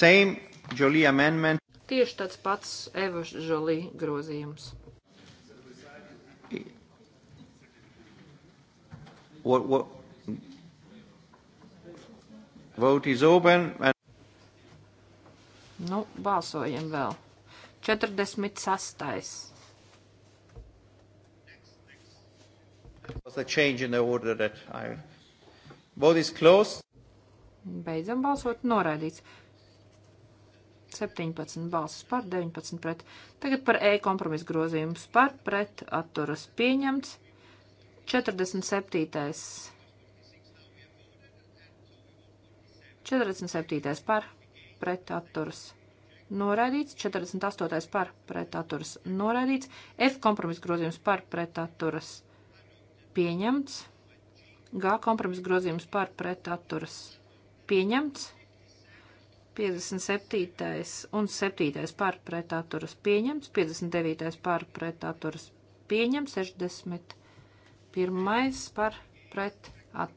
Same, Jolie amendment. Tieši tāds pats Eva Žolī grozījums. What, what? Vote is open and... Nu, balsojam vēl. 46. was a change in the order that I vote is closed. Beidzam balsot noraidīts. 17 balsis par, 19 pret. Tagad par E kompromisu grozījumus par, pret, atturas pieņemts. 47. 47. par, pret, atturas noraidīts. 48. par, pret, atturas noraidīts. F kompromisu grozījums par, pret, atturas pieņemts. G kompromisu grozījums par, pret, atturas pieņemts. 57. un 7. pārpretāturas pieņemts, 59. pārpretāturas pieņemts, 61. pārpret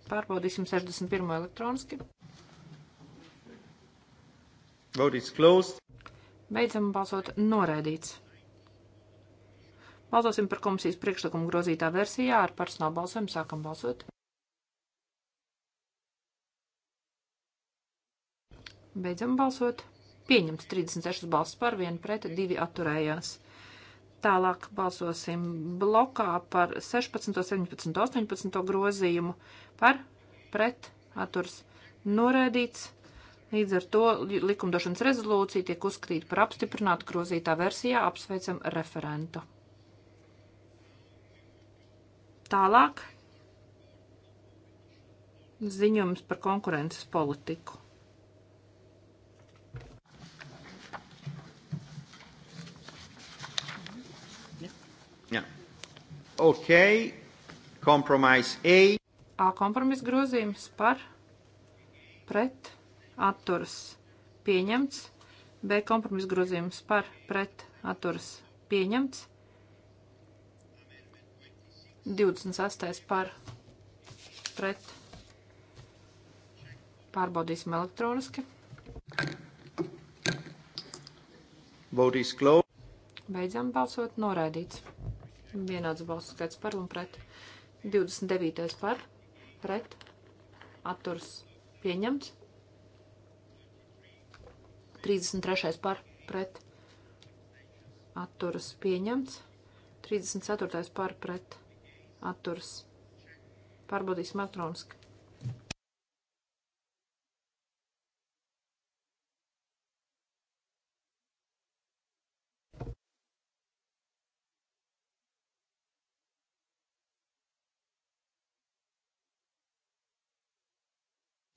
pārbaudīsim 61. elektroniski. Vote is closed. Beidzam balsot noraidīts. Balsosim par komisijas priekšlikumu grozītā versijā ar personālu balsojumu. Sākam balsot. Beidzam balsot. Pieņemts 36 balsts par, 1 pret, 2 atturējās. Tālāk balsosim blokā par 16, 17, 18 grozījumu par, pret, atturs noraidīts. Līdz ar to likumdošanas rezolūcija tiek uzskatīta par apstiprinātu grozītā versijā. Apsveicam referentu. Tālāk ziņojums par konkurences politiku. Ok, kompromise A. A kompromisa grozījums par pret atturas pieņemts. B kompromisa grozījums par pret atturas pieņemts. 28. par pret pārbaudīsim elektroniski. Beidzam balsot noraidīts vienāds balsu skaits par un pret. 29. par, pret, atturs pieņemts. 33. par, pret, atturs pieņemts. 34. par, pret, atturs. Pārbaudīsim elektroniski.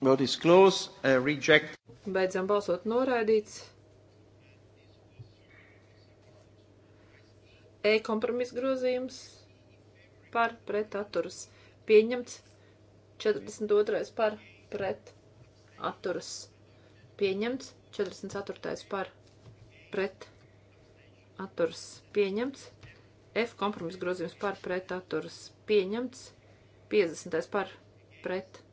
Vote is closed. Uh, reject. Beidzam balsot noraidīts. E kompromisa grozījums par pret atturas. Pieņemts 42. par pret atturas. Pieņemts 44. par pret atturas. Pieņemts F kompromisa grozījums par pret atturas. Pieņemts 50. par pret atturas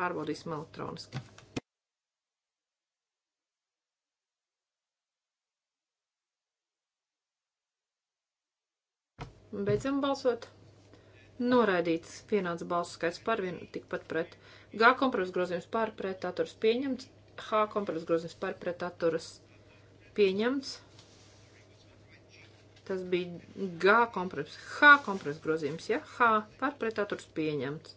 pārbaudīsim elektroniski. Beidzam balsot. Noraidīts pienāca balsu skaits par vienu, tikpat pret. G kompromis grozījums par pret atturas pieņemts. H kompromis grozījums par pret atturas pieņemts. Tas bija G kompromis. H kompromis grozījums, ja? H par pret atturas pieņemts.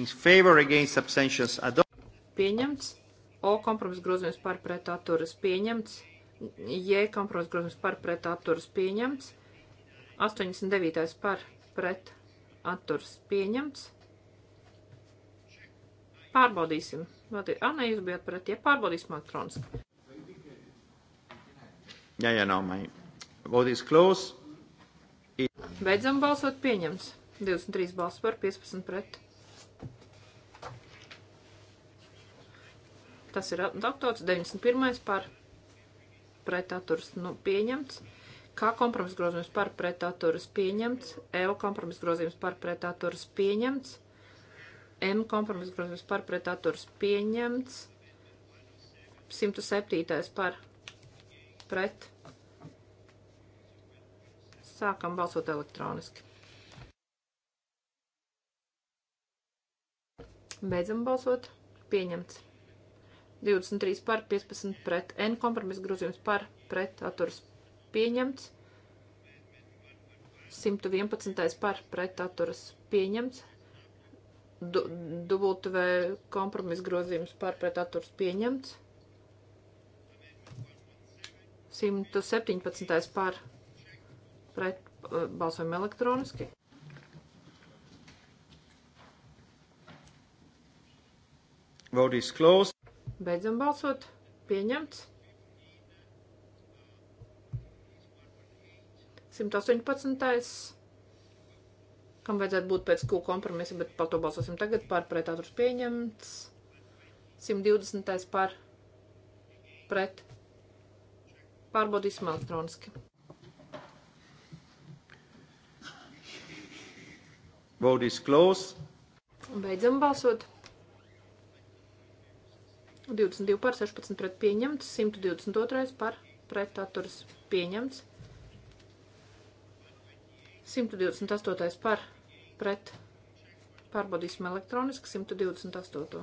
In favor against abstentions adopted. Pieņemts. O kompromisa grozījums par pret atturas pieņemts. J kompromisa grozījums par pret atturas pieņemts. 89. par pret atturas pieņemts. Pārbaudīsim. Anna, ah, jūs bijat pret, ja pārbaudīsim elektroniski. Jā, jā, nav mai. Vote is close. Beidzam balsot pieņemts. 23 balsts par 15 pret. Tas ir adaptots 91. par pretaturas nu, pieņemts. Kā kompromisa grozījums par pretaturas pieņemts. L kompromisa grozījums par pretaturas pieņemts. M kompromisa grozījums par pretaturas pieņemts. 107. par pret. Sākam balsot elektroniski. Beidzam balsot. Pieņemts. 23 par, 15 pret. N kompromisa grozījums par, pret, atturas pieņemts. 111 par, pret, atturas pieņemts. Du, dubultv kompromisa grozījums par, pret, atturas pieņemts. 117 par, pret, eh, balsojam elektroniski. Vote is closed. Beidzam balsot. Pieņemts. 118. Kam vajadzētu būt pēc Q kompromisa, bet par to balsosim tagad. Par pret atturs pieņemts. 120. par pret. Pārbaudīsim elektroniski. Vote is closed. Beidzam balsot. 22 par 16 pret pieņemts, 122 par pret atturas pieņemts, 128 par pret pārbaudīsim elektroniski 128.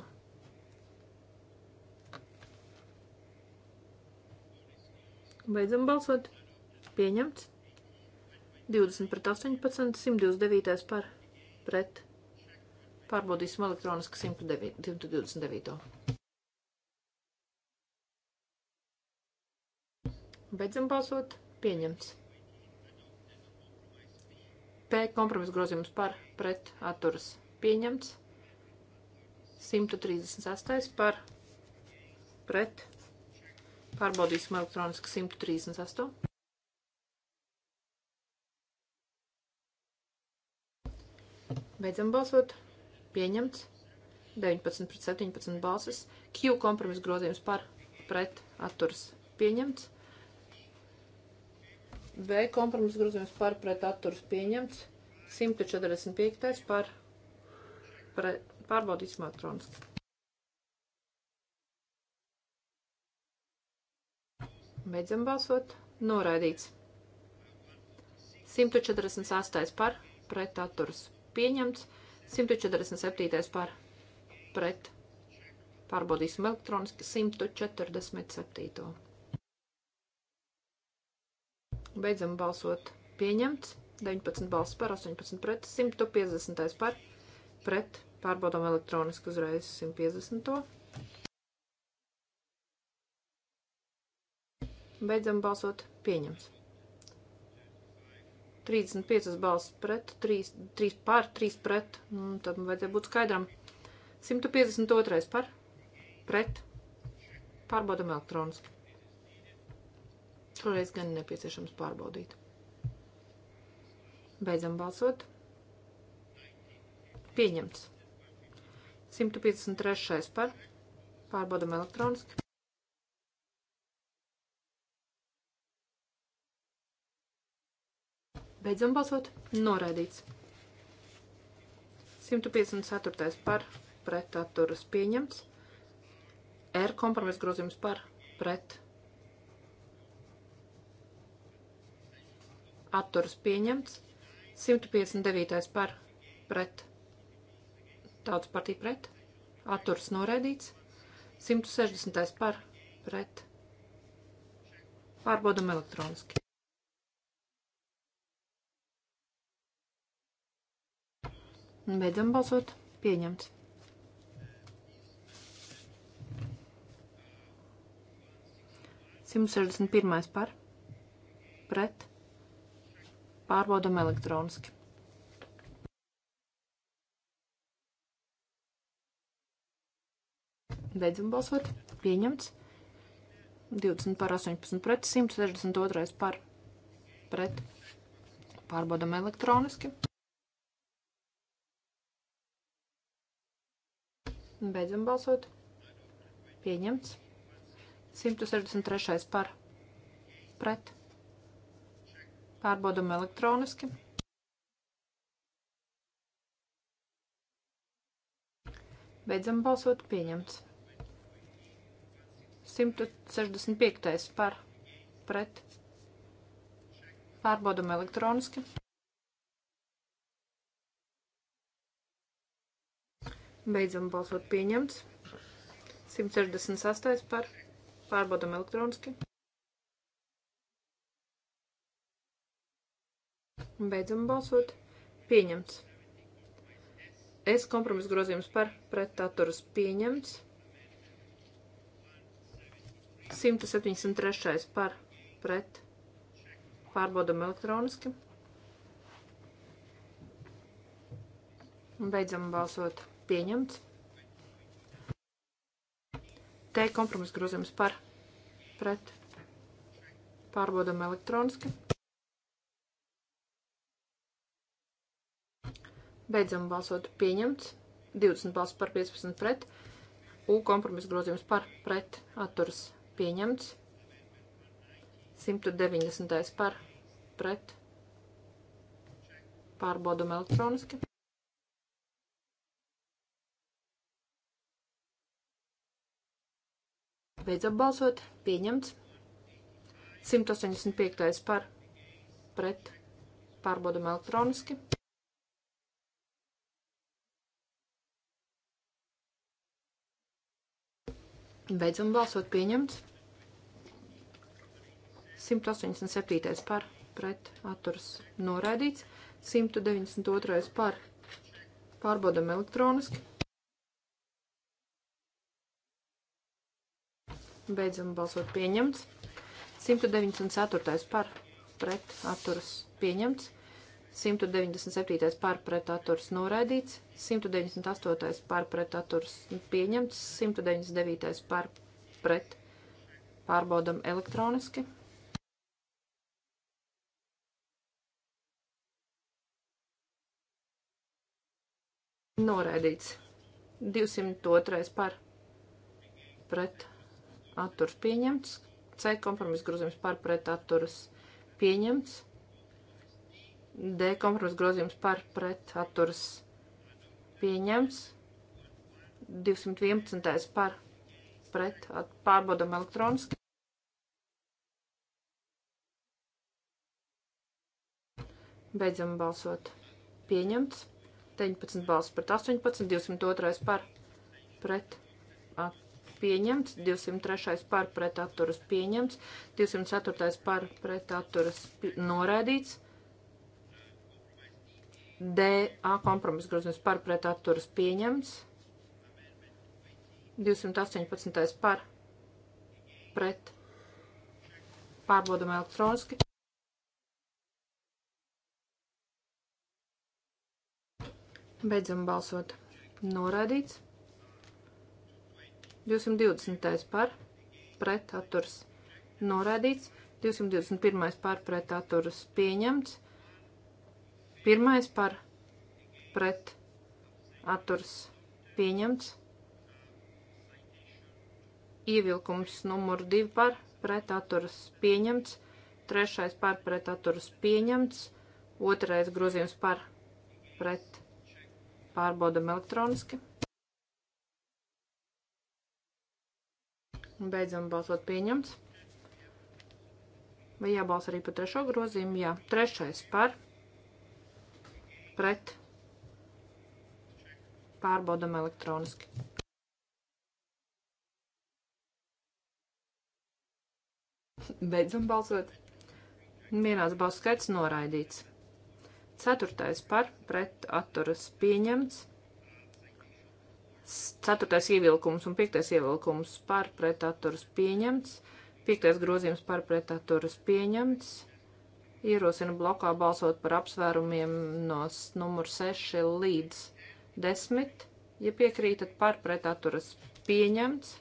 Beidzam balsot. Pieņemts. 20 pret 18, 129 par pret. Pārbaudīsim elektroniski 129. Beidzam balsot. Pieņemts. P kompromisa grozījums par pret atturas. Pieņemts. 138 par pret. Pārbaudīsim elektroniski 138. Beidzam balsot. Pieņemts. 19 pret 17 balsis. Q kompromisa grozījums par pret atturas. Pieņemts. B kompromiss grozījums par pret atturas pieņemts. 145. par pre, pārbaudīsim elektroniski. Beidzam balsot. Noraidīts. 148. par pret atturas pieņemts. 147. par pret. Pārbaudīsim elektroniski 147. Beidzam balsot. Pieņemts. 19 balss par, 18 pret, 150 par, pret. Pārbaudām elektroniski uzreiz 150. To. Beidzam balsot. Pieņemts. 35 balss pret, 3, 3 pār, 3 pret. Nu, tad vajadzēja būt skaidram. 152 par, pret. Pārbaudām elektroniski. Šoreiz gan nepieciešams pārbaudīt. Beidzam balsot. Pieņemts. 153. par. Pārbaudam elektroniski. Beidzam balsot. Noraidīts. 154. par pret atturas pieņemts. R kompromisa grozījums par pret atturas pieņemts, 159. par pret, tautas partija pret, atturas noraidīts, 160. par pret, pārbaudam elektroniski. Beidzam balsot, pieņemts. 161. par pret Pārbaudam elektroniski. Beidzam balsot. Pieņemts. 20 par 18 pret 162 par pret. Pārbaudam elektroniski. Beidzam balsot. Pieņemts. 163 par pret. Pārbaudam elektroniski. Beidzam balsot pieņemts. 165. par pret. Pārbaudam elektroniski. Beidzam balsot pieņemts. 168. par pārbaudam elektroniski. Beidzam balsot. Pieņemts. Es kompromisu grozījums par pretaturas pieņemts. 173. par pret. Pārbaudam elektroniski. Beidzam balsot pieņemts. Te kompromisu grozījums par pret. Pārbaudam elektroniski. Beidzam balsot pieņemts. 20 balsts par 15 pret. U kompromisa grozījums par pret atturas pieņemts. 190. par pret. Pārbaudam elektroniski. Beidzam balsot pieņemts. 185. par pret. Pārbaudam elektroniski. Beidzam balsot pieņemts. 187. par pret atturs noraidīts. 192. par pārbaudam elektroniski. Beidzam balsot pieņemts. 194. par pret atturas pieņemts. 197. pārpretaturs noraidīts, 198. pārpretaturs pieņemts, 199. pārpret pārbaudam elektroniski. Noraidīts 202. par pret atturs pieņemts, C kompromis grozījums par pret atturs pieņemts, D kompromisa grozījums par pret atturas pieņems. 211. par pret at, pārbaudam elektroniski. Beidzam balsot. Pieņemts. 19 balsts pret 18, 202 par pret at, pieņemts, 203 par pret atturas pieņemts, 204 par pret atturas noraidīts. DA kompromisa grozījums par pret atturas pieņemts. 218. par pret pārbaudam elektroniski. Beidzam balsot. Noraidīts. 220. par pret atturas noraidīts. 221. par pret atturas pieņemts. Pirmais par pret atturs pieņemts. Ievilkums numur 2 par pret atturs pieņemts. Trešais par pret atturs pieņemts. Otrais grozījums par pret pārbaudam elektroniski. Beidzam balsot pieņemts. Vai jābalsa arī par trešo grozījumu? Jā. Trešais par pret pret pārbaudam elektroniski. Beidzam balsot. Vienās balss skaits noraidīts. Ceturtais par pret atturas pieņemts. Ceturtais ievilkums un piektais ievilkums par pret atturas pieņemts. Piektais grozījums par pret atturas pieņemts. Ierosinu blokā balsot par apsvērumiem no numur 6 līdz 10. Ja piekrītat par pretaturas pieņemts.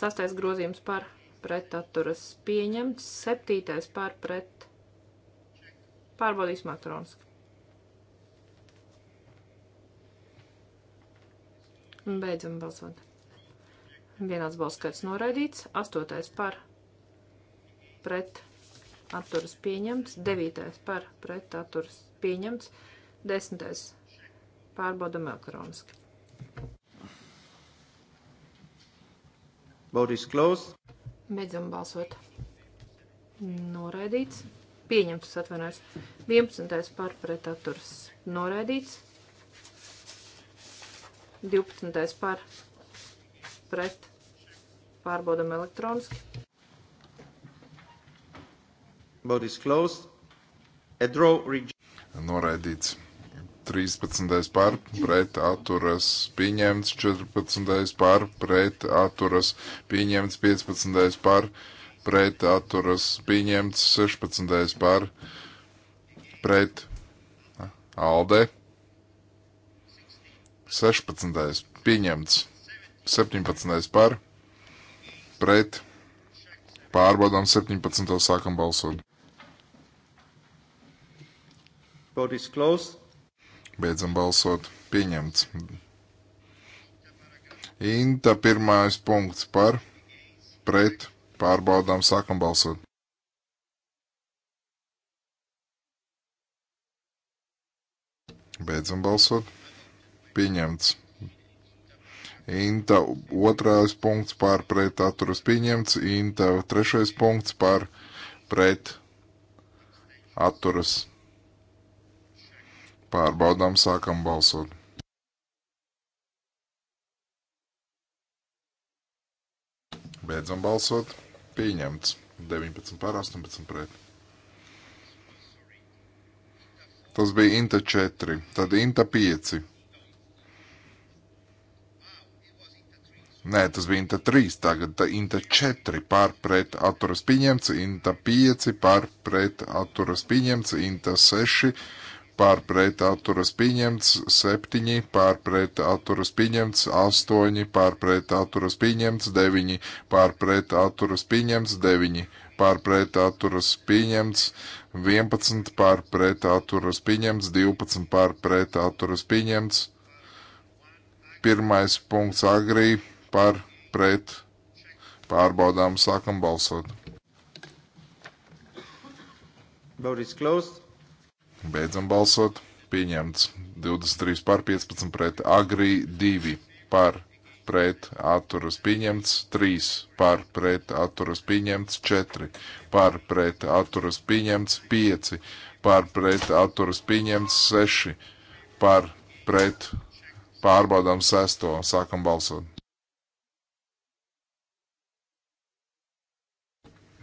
Sastais grozījums par pretaturas pieņemts. Septītais par pret. Pārbaudīsim elektroniski. Beidzam balsot. Vienāds balss skaits noraidīts. Astotais par pret atturas pieņemts, 9. par pret atturas pieņemts, 10. pārbaudam elektroniski. Vote is closed. Beidzam balsot. Noraidīts. Pieņemts, atvainojos. 11. par pret atturas noraidīts. 12. par pret pārbaudam elektroniski. Vote is closed. A draw reject. Noraidīts. 13. par, pret atturas, pieņemts 14. par, pret atturas, pieņemts 15. par, pret atturas, pieņemts 16. par, pret Alde 16. pieņemts 17. par, pret pārbaudām 17. sākam balsot. Vote is closed. Beidzam balsot. Pieņemts. Inta pirmais punkts par pret pārbaudām sākam balsot. Beidzam balsot. Pieņemts. Inta otrais punkts par pret atturas pieņemts. Inta trešais punkts par pret atturas pieņemts Pārbaudām, sākam balsot. Beidzam balsot. Pieņemts. 19 pār 18 pret. Tas bija Inta 4, tad Inta 5. Nē, tas bija Inta 3, tagad Inta 4 pār pret atturas pieņemts, Inta 5 pār pret atturas pieņemts, Inta 6 pārpret atturas pieņemts, 7 pārpret atturas pieņemts, 8 pārpret atturas pieņemts, 9 pārpret atturas pieņemts, 9 pārpret atturas pieņemts, 11 pārpret atturas pieņemts, 12 pārpret atturas pieņemts, 1. punkts agrī pārpret pārbaudām sākam balsot. Vote is closed. Beidzam balsot. Pieņemts 23 par 15 pret agri 2 par pret atturas pieņemts 3 par pret atturas pieņemts 4 par pret atturas pieņemts 5 par pret atturas pieņemts 6 par pret pārbaudām 6. Sākam balsot.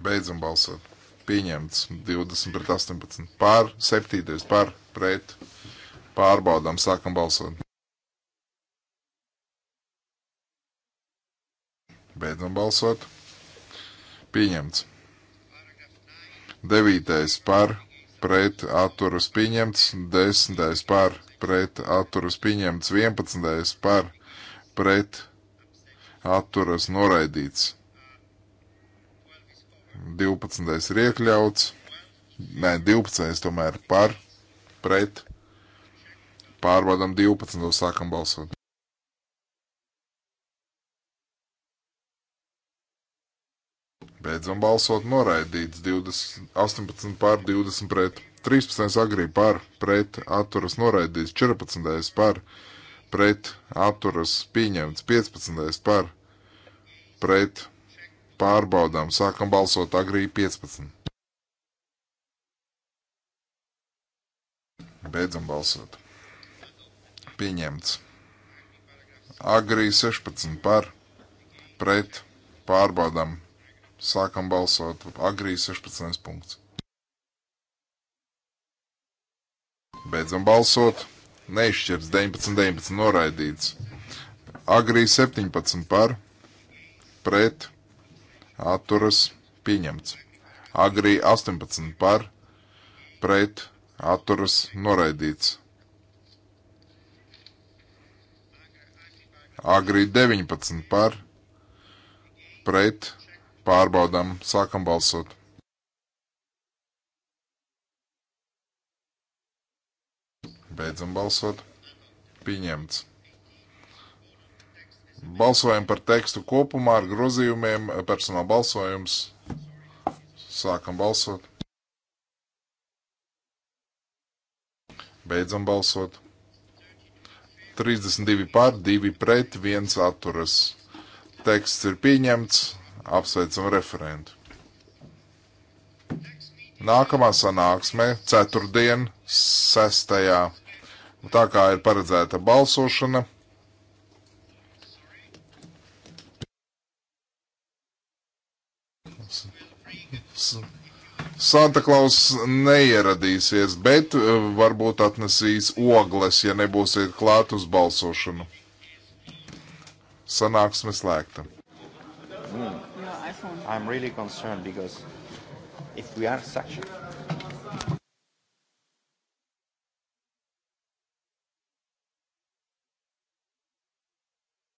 Beidzam balsot pieņemts 20 pret 18 pār, 7 par pret pārbaudām, sākam balsot. Beidzam balsot. Pieņemts. 9. par pret atturas pieņemts, 10. par pret atturas pieņemts, 11. par pret atturas noraidīts. 12. ir iekļauts. Nē, 12. tomēr par, pret. Pārvadam 12. sākam balsot. Beidzam balsot noraidīts 20, 18 pār 20 pret 13 agrī par pret atturas noraidīts 14 par pret atturas pieņemts 15 par pret Pārbaudām, sākam balsot agrī 15. Beidzam balsot. Pieņemts. Agrī 16 par, pret, pārbaudām, sākam balsot agrī 16 punkts. Beidzam balsot. Neizšķirts 19, 19 noraidīts. Agrī 17 par, pret, atturas pieņemts. Agri 18 par pret atturas noraidīts. Agri 19 par pret pārbaudām sākam balsot. Beidzam balsot. Pieņemts. Balsojam par tekstu kopumā ar grozījumiem. Personāla balsojums. Sākam balsot. Beidzam balsot. 32 pār, 2 pret, 1 atturas. Teksts ir pieņemts. Apsveicam referentu. Nākamā sanāksme ceturtdien, sestajā. Tā kā ir paredzēta balsošana. Santa Klaus neieradīsies, bet eh, varbūt atnesīs ogles, ja nebūsiet klāt uz balsošanu. Sanāksme slēgta. Mm. I'm really concerned because if we are such a